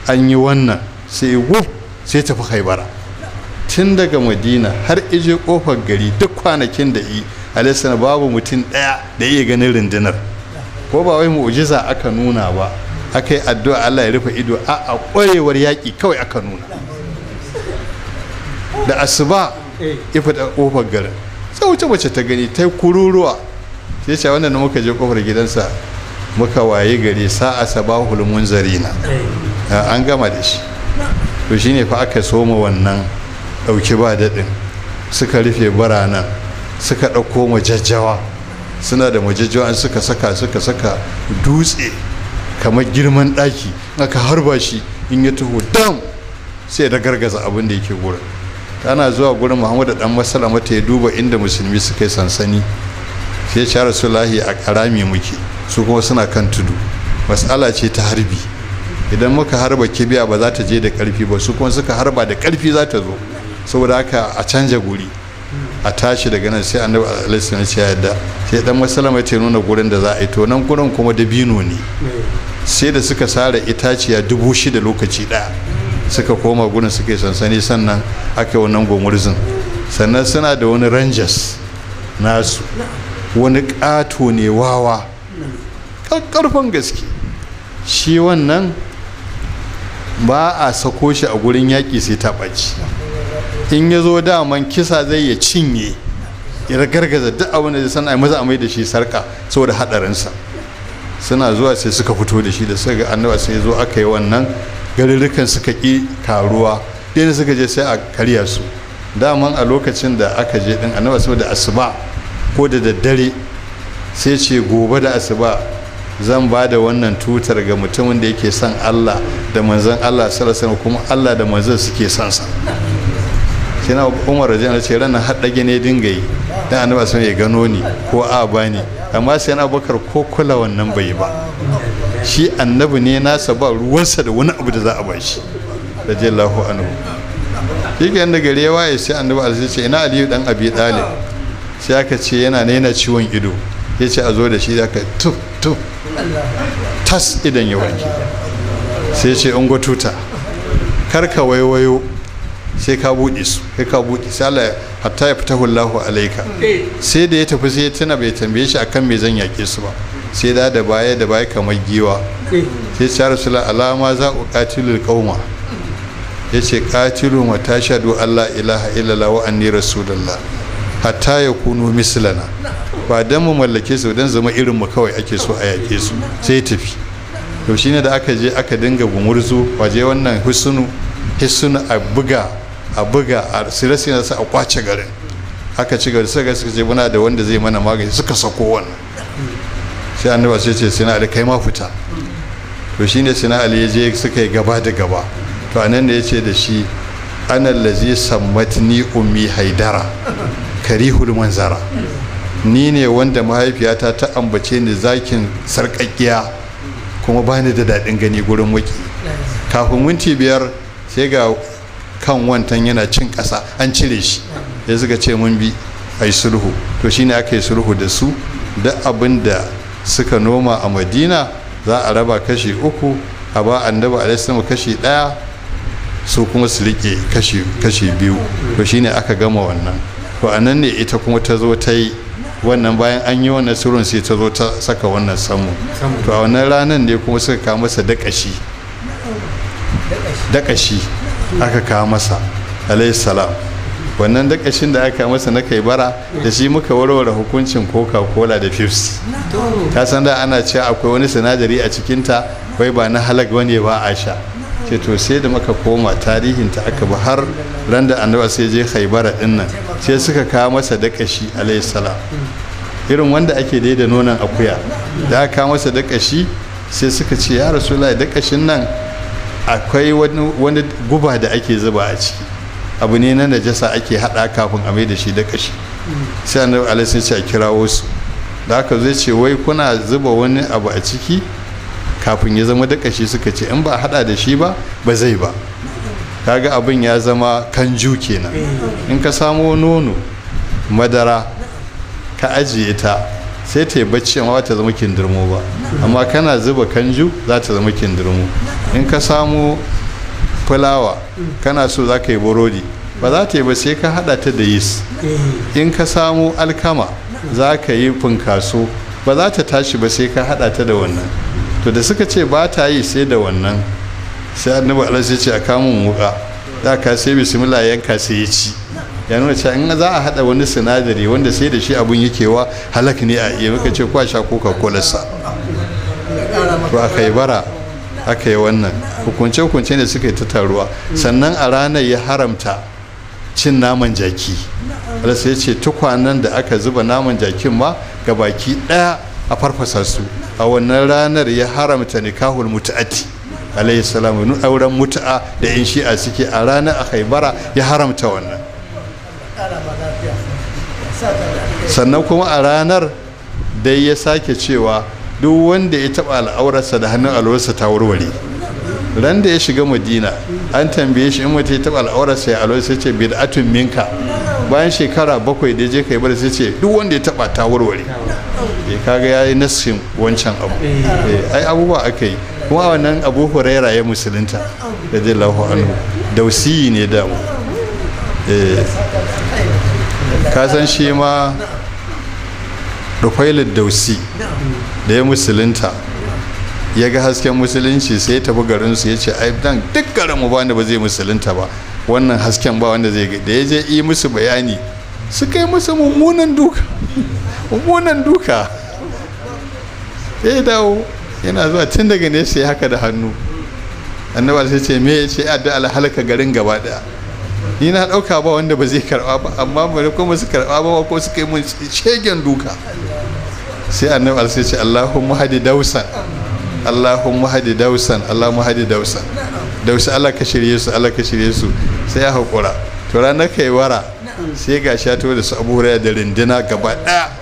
an yi wannan sai wuf sai tafi haibara tun daga madina har ije kofar gari duk kwanakin da yi alisana babu mutum ɗaya da iya ganin rundunar ko ba wai mu'ujiza aka nuna ba aka yi addu'a allah ya rufe ido a ƙwarewar yaƙi kawai aka nuna da asuba eh. ya fita kofar garin sai wuce mace ta gani ta kururuwa sai ce wannan muka je kofar gidansa muka waye gari asaba hulmun zarina eh. ah, an gama da shi to shine fa aka soma wannan dauki ba daɗin suka rufe baranan suka ɗauko majajjawa suna da majajjawa an suka saka suka saka dutse kamar girman ɗaki aka harba shi in ya taho dam sai da gargaza abin da yake wurin tana zuwa gurin muhammadu dan masalama ta ya duba inda musulmi suka yi sansani sai ya rasulahi a karami muke su kuma suna kan tudu mas'ala ce ta harbi idan muka harba kibiya ba za ta je da karfi ba su kuma suka harba da karfi za ta zo saboda haka a canja guri a tashi daga nan sai annabi alaihi ya yadda sai dan masalama ta nuna gurin da za a yi to nan gurin kuma dabino ne eh. sai da suka sare itaciya dubu shida lokaci daya suka koma gudun suke sansani sannan ake wannan gomurzin sannan suna da wani rangers nasu wani ƙato ne wawa ƙarfin gaske shi wannan ba a sako shi a gurin yaƙi sai ta ɓaci in ya zo daman kisa zai ya cinye ya gargaza duk abin da zai maza a mai da shi sarka saboda haɗarinsa suna zuwa sai suka fito da shi da suka ga sai zo aka yi wannan garurrukan suka ƙi karuwa ɗaya suka je sai a karya su daman a lokacin da aka je ɗin annaba sau da asuba ko da daddare sai ce gobe da asuba zan ba da wannan tutar ga mutumin da yake son allah da manzan allah sarasar kuma allah da manzan suke son sa sai na umar rajin ce ranar haɗage ne dinga yi dan annaba sun ya gano ni ko a bani amma sai na bakar ko kula wannan bai ba shi annabi ne nasa ba ruwansa da wani abu da za a ba shi radiyallahu anu shi ke yadda gari ya waye sai annabi alaihi ce ina aliyu dan abi dalib sai aka ce yana ne ciwon ido ya ce a zo da shi zaka tuf tuf tas idan ya warke sai ce in gwatuta kar ka waiwayo sai ka buɗe su sai ka buɗe sai Allah hatta ya fita hullahu alaika sai da ya tafi sai ya tuna bai tambaye shi akan me zan yake su ba sai da da baya da baya kamar giwa sai ya rasula alama za ku katilu qauma ya ce ma ta tashhadu Allah ilaha illallah wa anni rasulullah hatta ya kunu mislana ba dan mu mallake su dan zama irin mu kawai ake so a yake su sai tafi to shine da aka je aka dinga gumurzu waje wannan husnu a buga a buga a sirasina su a kwace garin haka ci gari suka suka ce muna da wanda zai mana magani suka sako wannan sai annaba sai ce sina ali kai ma fita to shine sina ali ya je suka yi gaba da gaba to anan ne yace da shi ana lazi sammatni ummi haidara karihul manzara ni ne wanda mahaifiyata ta ambace ni zakin sarkakkiya kuma bani da daɗin gani gurin waki kafin minti biyar sai ga kan wantan yana cin ƙasa an cire shi ya suka ce mun bi a yi sulhu to shine aka yi sulhu da su duk abin da suka noma a madina za a raba kashi uku a ba annabi alaihi kashi daya su kuma su riƙe kashi biyu to shine aka gama wannan to a nan ne ita kuma ta zo ta yi wannan bayan an yi wannan surun sai ta zo ta saka wannan samu to a wannan ranar ne kuma suka kawo masa daƙashi. aka kawo masa alayhi salam wannan dakashin da aka masa na kai bara da shi muka warware hukuncin coca cola da fifs ta san da ana ce akwai wani sinadari a cikinta wai ba na halag wani ba a sha to sai da muka koma tarihin ta aka bi har ran da annaba sai je haibara din nan sai suka kawo masa dakashi alayhi salam irin wanda ake dai da nonon akuya da aka masa dakashi sai suka ce ya rasulullahi dakashin nan akwai wani guba da ake zuba a ciki abu ne na najasa ake haɗa kafin a bai da shi da kashi sai annabi alaihi ya ce a kirawo su da haka zai ce wai kuna zuba wani abu a ciki kafin ya zama da kashi suka ce in ba haɗa da shi ba ba zai ba kaga abin ya zama kanju kenan in ka samo nono madara ka ajiye ta sai ta yi bacci amma ta zama kindirmo ba amma kana zuba kanju za ta zama kindirmo in ka samu fulawa kana so za ka yi burodi ba za ta yi ba sai ka hada ta da yis eh. in ka samu alkama za ka yi funkaso ba za ta tashi ba sai ka hada ta da wannan to da suka ce ba ta yi sai da wannan sai annabi Allah sai ce a kamun wuka da ka sai bismillah yanka sai ya ci ya nuna cewa in za a hada wani sinadari wanda sai da shi abun wa halak ne a iya muka ce kwa sha koka cola sa to aka yi bara aka yi wannan hukunce hukunce ne suka yi ta taruwa sannan a ranar ya haramta cin naman jaki alasa ya ce tukwanan da aka zuba naman jakin ma ga baki daya a farfasa su a wannan ranar ya haramta nikahul mutu'ati alayhi salamu auren mutu'a da in shi'a suke a ranar a haibara ya haramta wannan sannan kuma a ranar dai ya sake cewa duk wanda ya taɓa al'aurarsa da hannun alwarsa ta warware ran da ya shiga madina an tambaye shi in mace ya taɓa al'aurarsa ya alwarsa ce bid'atun minka bayan shekara bakwai da je kai bar sai ce duk wanda ya taɓa ta warware eh, kaga ya yi nassin wancan abu eh, ai abubuwa aka yi kuma wannan abu huraira ya musulunta da anhu dausiyi ne damu eh, ka san shi ma rufailin dausi da ya musulunta ya ga hasken musulunci sai ya tafi garinsu ya ce a dan duk garin mu ba zai musulunta ba wannan hasken ba wanda zai da ya je yi musu bayani su kai musu mummunan duka mummunan duka ya dawo yana zuwa tun daga ne ya haka da hannu annabar sai ce me ya ce adda alhalaka garin gaba daya ni na ɗauka ba wanda ba zai karɓa ba amma bari kuma su karɓa ba ko su kai mun shegen duka sai annabi alsai ce Allahumma hadi dausan Allahumma hadi dausan Allahumma hadi dausan dausa Allah ka shirye su Allah ka shirye su sai ya haƙura to ranar kai wara sai ga shato da su abu da rindina gaba ɗaya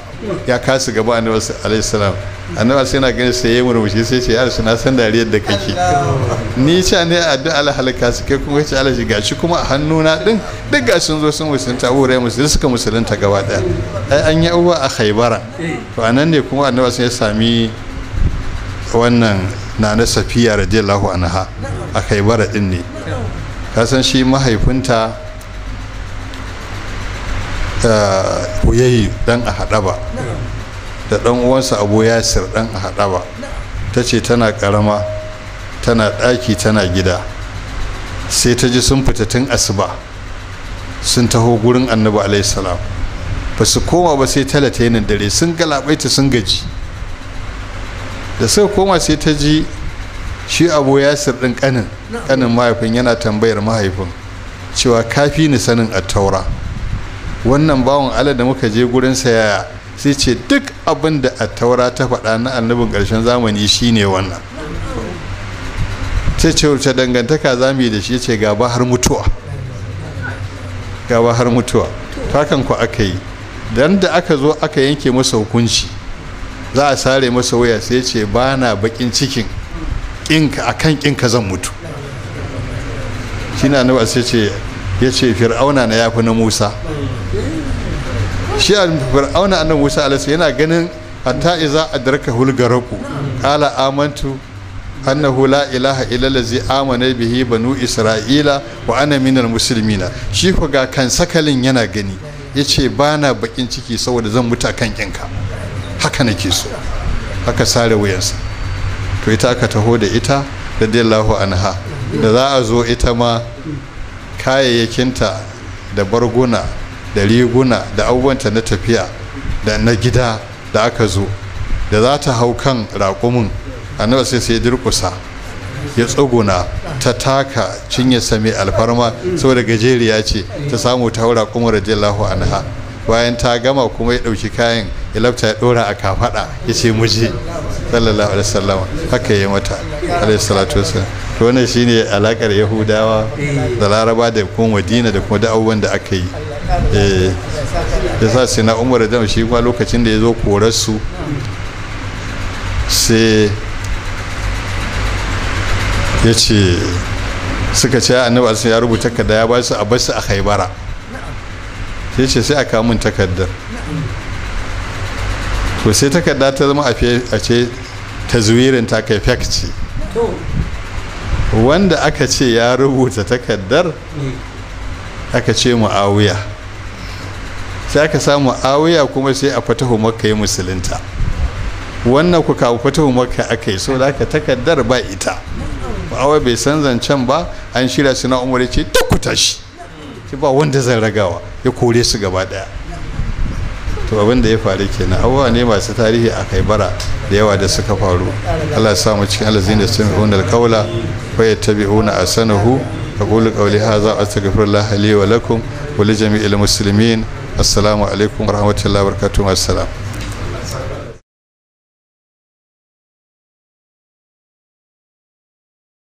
ya kasa gaba annabi alaihi salam annabi sai na gani sai ya murmushi sai ce ya na san dariyar da kake ni ce ne addu ala halaka su kai kuma ce ala shi gashi kuma a hannuna din duk ga sun zo sun musulunta abu musu musulun suka musulunta gaba daya ai an yi uwa a haibara to anan ne kuma annabi sai ya sami wannan na na safiya radiyallahu anha a haibara din ne kasan shi mahaifinta huyayi dan a haɗaba da ɗan uwansa abu yasir ɗan a haɗaba ta ce tana karama tana ɗaki tana gida sai ta ji sun fita tun asuba sun taho gurin annabi alaihi salam ba su koma ba sai talata yanin dare sun galabaita sun gaji da suka koma sai ta ji shi abu yasir ɗin ƙanin ƙanin mahaifin yana tambayar mahaifin cewa kafi ni sanin taura. wannan bawan allah da muka je gurin sayaya sai ce duk abin da a taura ta faɗa na annabin ƙarshen zamani shine wannan sai ce wuce dangantaka za mu yi da shi ce gaba har mutuwa gaba har mutuwa takan ku aka yi dan da aka zo aka yanke masa hukunci za a sare masa waya sai ce ba na bakin cikin kinka akan kinka zan mutu shi na nawa sai ce ya ce fir'auna na yafi na musa shi a fir'auna annan musa alaihi yana ganin hatta iza adraka hulgaraku qala amantu annahu la ilaha illa allazi amana bihi banu isra'ila wa ana minal muslimina shi ko ga kan sakalin yana gani yace bana bakin ciki saboda zan muta kan kinka haka nake so haka sare wuyansa to ita aka taho da ita radiyallahu anha da za a zo ita ma kayayyakinta da barguna da riguna da abubuwanta na tafiya da na gida da aka zo da za ta hau kan raƙumin annabi sai sai durƙusa ya tsuguna ta taka cinye sami alfarma saboda gajeriya ce ta samu ta hau raƙumin radiyallahu anha bayan ta gama kuma ya ɗauki kayan ya lafta ya ɗora a kafaɗa ya ce muji sallallahu alaihi wasallam haka ya mata alaihi salatu wasallam to wannan shine alakar yahudawa da laraba da kuma madina da kuma da'awun da aka yi eh ya sa sai na umar da shi kuma lokacin da ya zo korarsu sai ya ce suka ce annabi ya rubuta da ya ba su a basu a haibara sai ce sai a kawo min takardar sai takarda ta zama a ce tazwirin ta kai ce wanda aka ce ya rubuta takardar aka ce mu'awiya sai aka samu awuya kuma sai a fata makka yi musulunta wannan ku kawo fata makka aka yi da aka takardar ba ita awai bai san zancen ba an shirya suna na umar ce ta kutashi shi ba wanda zan ragawa ya kore su gaba daya to abin da ya faru kenan abuwa ne masu tarihi a kai bara da yawa da suka faru Allah ya samu cikin alazin da sun hun alkaula fa ya tabi hun a sanahu a kulu kauli ha za a tsagafi Allah halewa lakum wali jami'il musulmin assalamu alaikum rahmatullahi wa